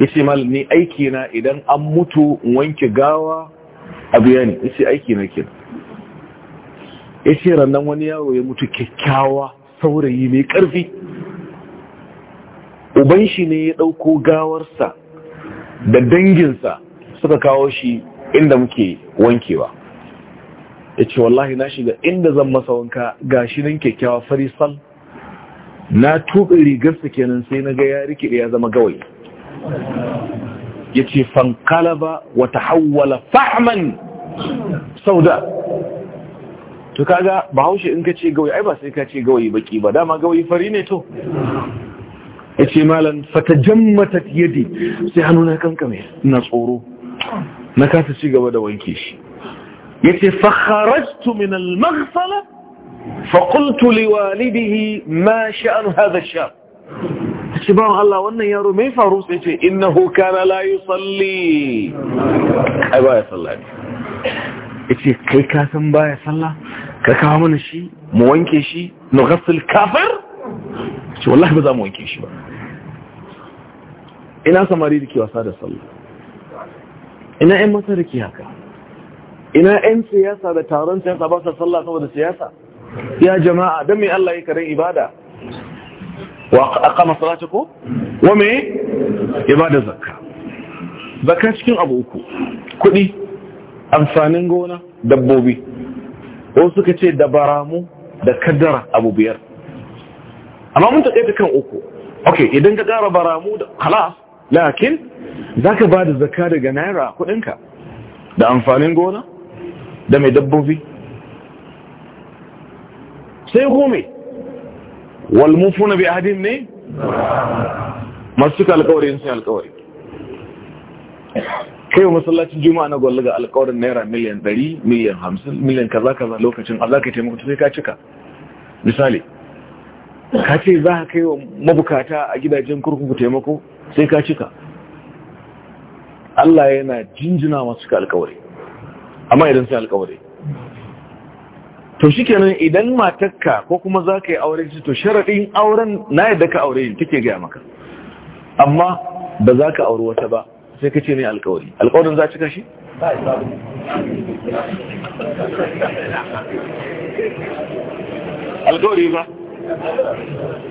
ya ce malami aiki na idan an mutu wanke gawa a biya ya ce aiki na kenan ya ce rannan wani yaro ya mutu kyakkyawa saurayi mai ƙarfi uban shi ne ya ɗauko gawarsa da danginsa suka kawo shi inda muke wankewa ya ce wallahi na shiga inda zan masa wanka ga shi nan kyakkyawa farisal na tuɓe rigarsa kenan sai na ga ya rikide ya zama gawai ya ce fankalaba wata hawwala fahman sauda to kaga bahaushe in ka ce gawayi ai ba sai ka ce gawayi baki ba dama gawayi fari ne to ya ce malam fatajammata yadi sai hannu na kankame na tsoro na kasa ci gaba da wanke shi ya ce fakharajtu min al-maghsala faqultu li walidihi ma sha'anu hadha ash-shab ce ba Allah wannan yaro mai faru sai ce innahu kana la yusalli ai ba ya salla ne ce kai ka san ba ya salla ka kawo mana shi mu wanke shi na gasar kafir ce wallahi ba za mu wanke shi ba ina samari da ke wasa da sallah ina ƴan mata da ke haka ina ƴan siyasa da taron siyasa ba sa sallah saboda siyasa ya jama'a don mai Allah yi karen ibada wa aqama salata ko wa me ibada zakka zakka cikin abu uku kuɗi, amfanin gona dabbobi ko suka ce da baramu da kaddara abu biyar amma mun taƙaita kan uku ok idan ka ƙara baramu da kala lakin za ka ba da zaka daga naira kudinka da amfanin gona da mai dabbobi sai hume walmufu na ahadin ne masu suka alkawari sai alkawari kai wa masallacin juma'a na gwallo ga alkawarin naira miliyan 100 miliyan 50 miliyan kaza kaza lokacin a za ka taimaka sai ka cika misali ka ce za ka kai wa mabukata a gidajen kurkuku taimako sai ka cika Allah yana jinjina masu cika alkawari amma idan sai alkawari to shi kenan idan matakka ko kuma za ka yi aure to sharaɗin auren na yadda ka aure take gaya maka amma ba za ka auri wata ba sai ka ce mai alkawari alkawarin za a cika shi? alkawari ba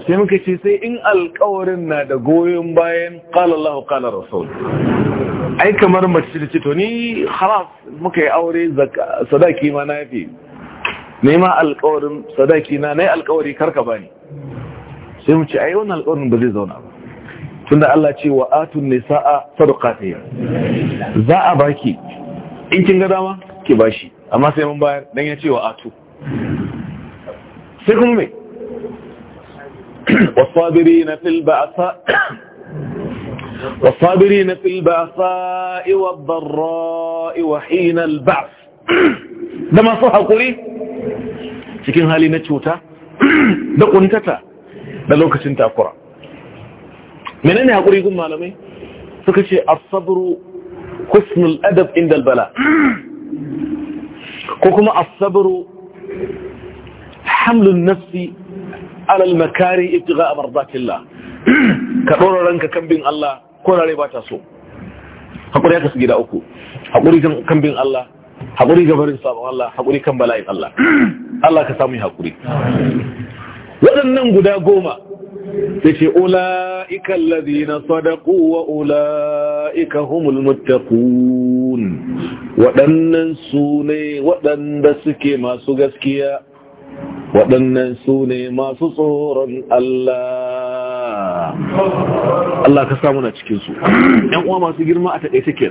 sai muka ce sai in alkawarin na da goyon bayan kalallahu kalar rasul ai kamar mace da ce ni haras muka yi aure sadaki ma na fi nema alkawarin sadaki na na yi alkawari karka ba ne sai mu ce ai wani alkawarin ba zai zauna ba tunda Allah ce wa atun nisa'a sadaqatiha za a baki in kin ga dama ki bashi amma sai mun bayar dan ya ce wa atu sai kuma me والصابرين *clears throat* fil البأساء والصابرين في البأساء والضراء وحين البعث da masu haƙuri cikin hali na cuta *clears throat* da ƙuntata da lokacin takura menene hakuri gun malamai suka ce asabru husnul adab inda bala ko kuma asabru hamlun nafsi alal makari ibtiga a marzatillah ka ɗora ranka kambin Allah ko rare ba ta so Hakuri ya sigi gida uku Hakuri kan kambin Allah ga barin sabon Allah Hakuri kan bala'in Allah Allah ka samu hakuri. waɗannan guda goma sai ce ula'ika allazina sadaku wa ula'ika humul muttaqun waɗannan su ne waɗanda suke masu gaskiya waɗannan su ne masu tsoron Allah Allah ka samu na cikinsu ‘yan uwa masu girma a taɗai suke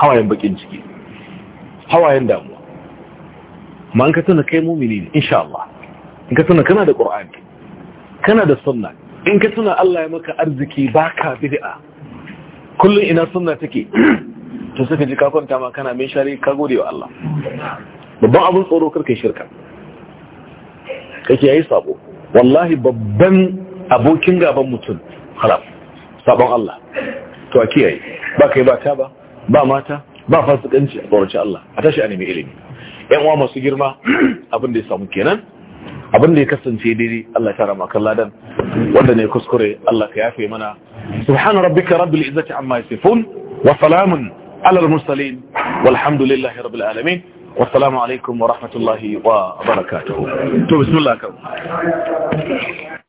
hawayen bakin ciki hawayen damuwa ma an ka tuna kai mumini insha Allah in ka tuna kana da ƙur'ani kana da sunna in ka tuna Allah ya maka arziki ba ka bid'a kullum ina sunna take *clears throat* to suka ji ka kwanta ma kana mai shari ka gode wa Allah babban abin tsoro karkai shirka kake yayi sabo wallahi babban abokin gaban mutum haram sabon Allah to a kiyaye ba kai ba ta ba ba mata ba fasikanci a tsoron Allah a tashi a nemi ilimi yan uwa masu girma *clears throat* abin da ya samu kenan abin da ya kasance daidai Allah ya rama kan ladan wanda ne kuskure Allah ka yafe mana subhana rabbika rabbil izzati amma yasifun wa salamun ala al-mursalin walhamdulillahi rabbil alamin والسلام عليكم ورحمة الله وبركاته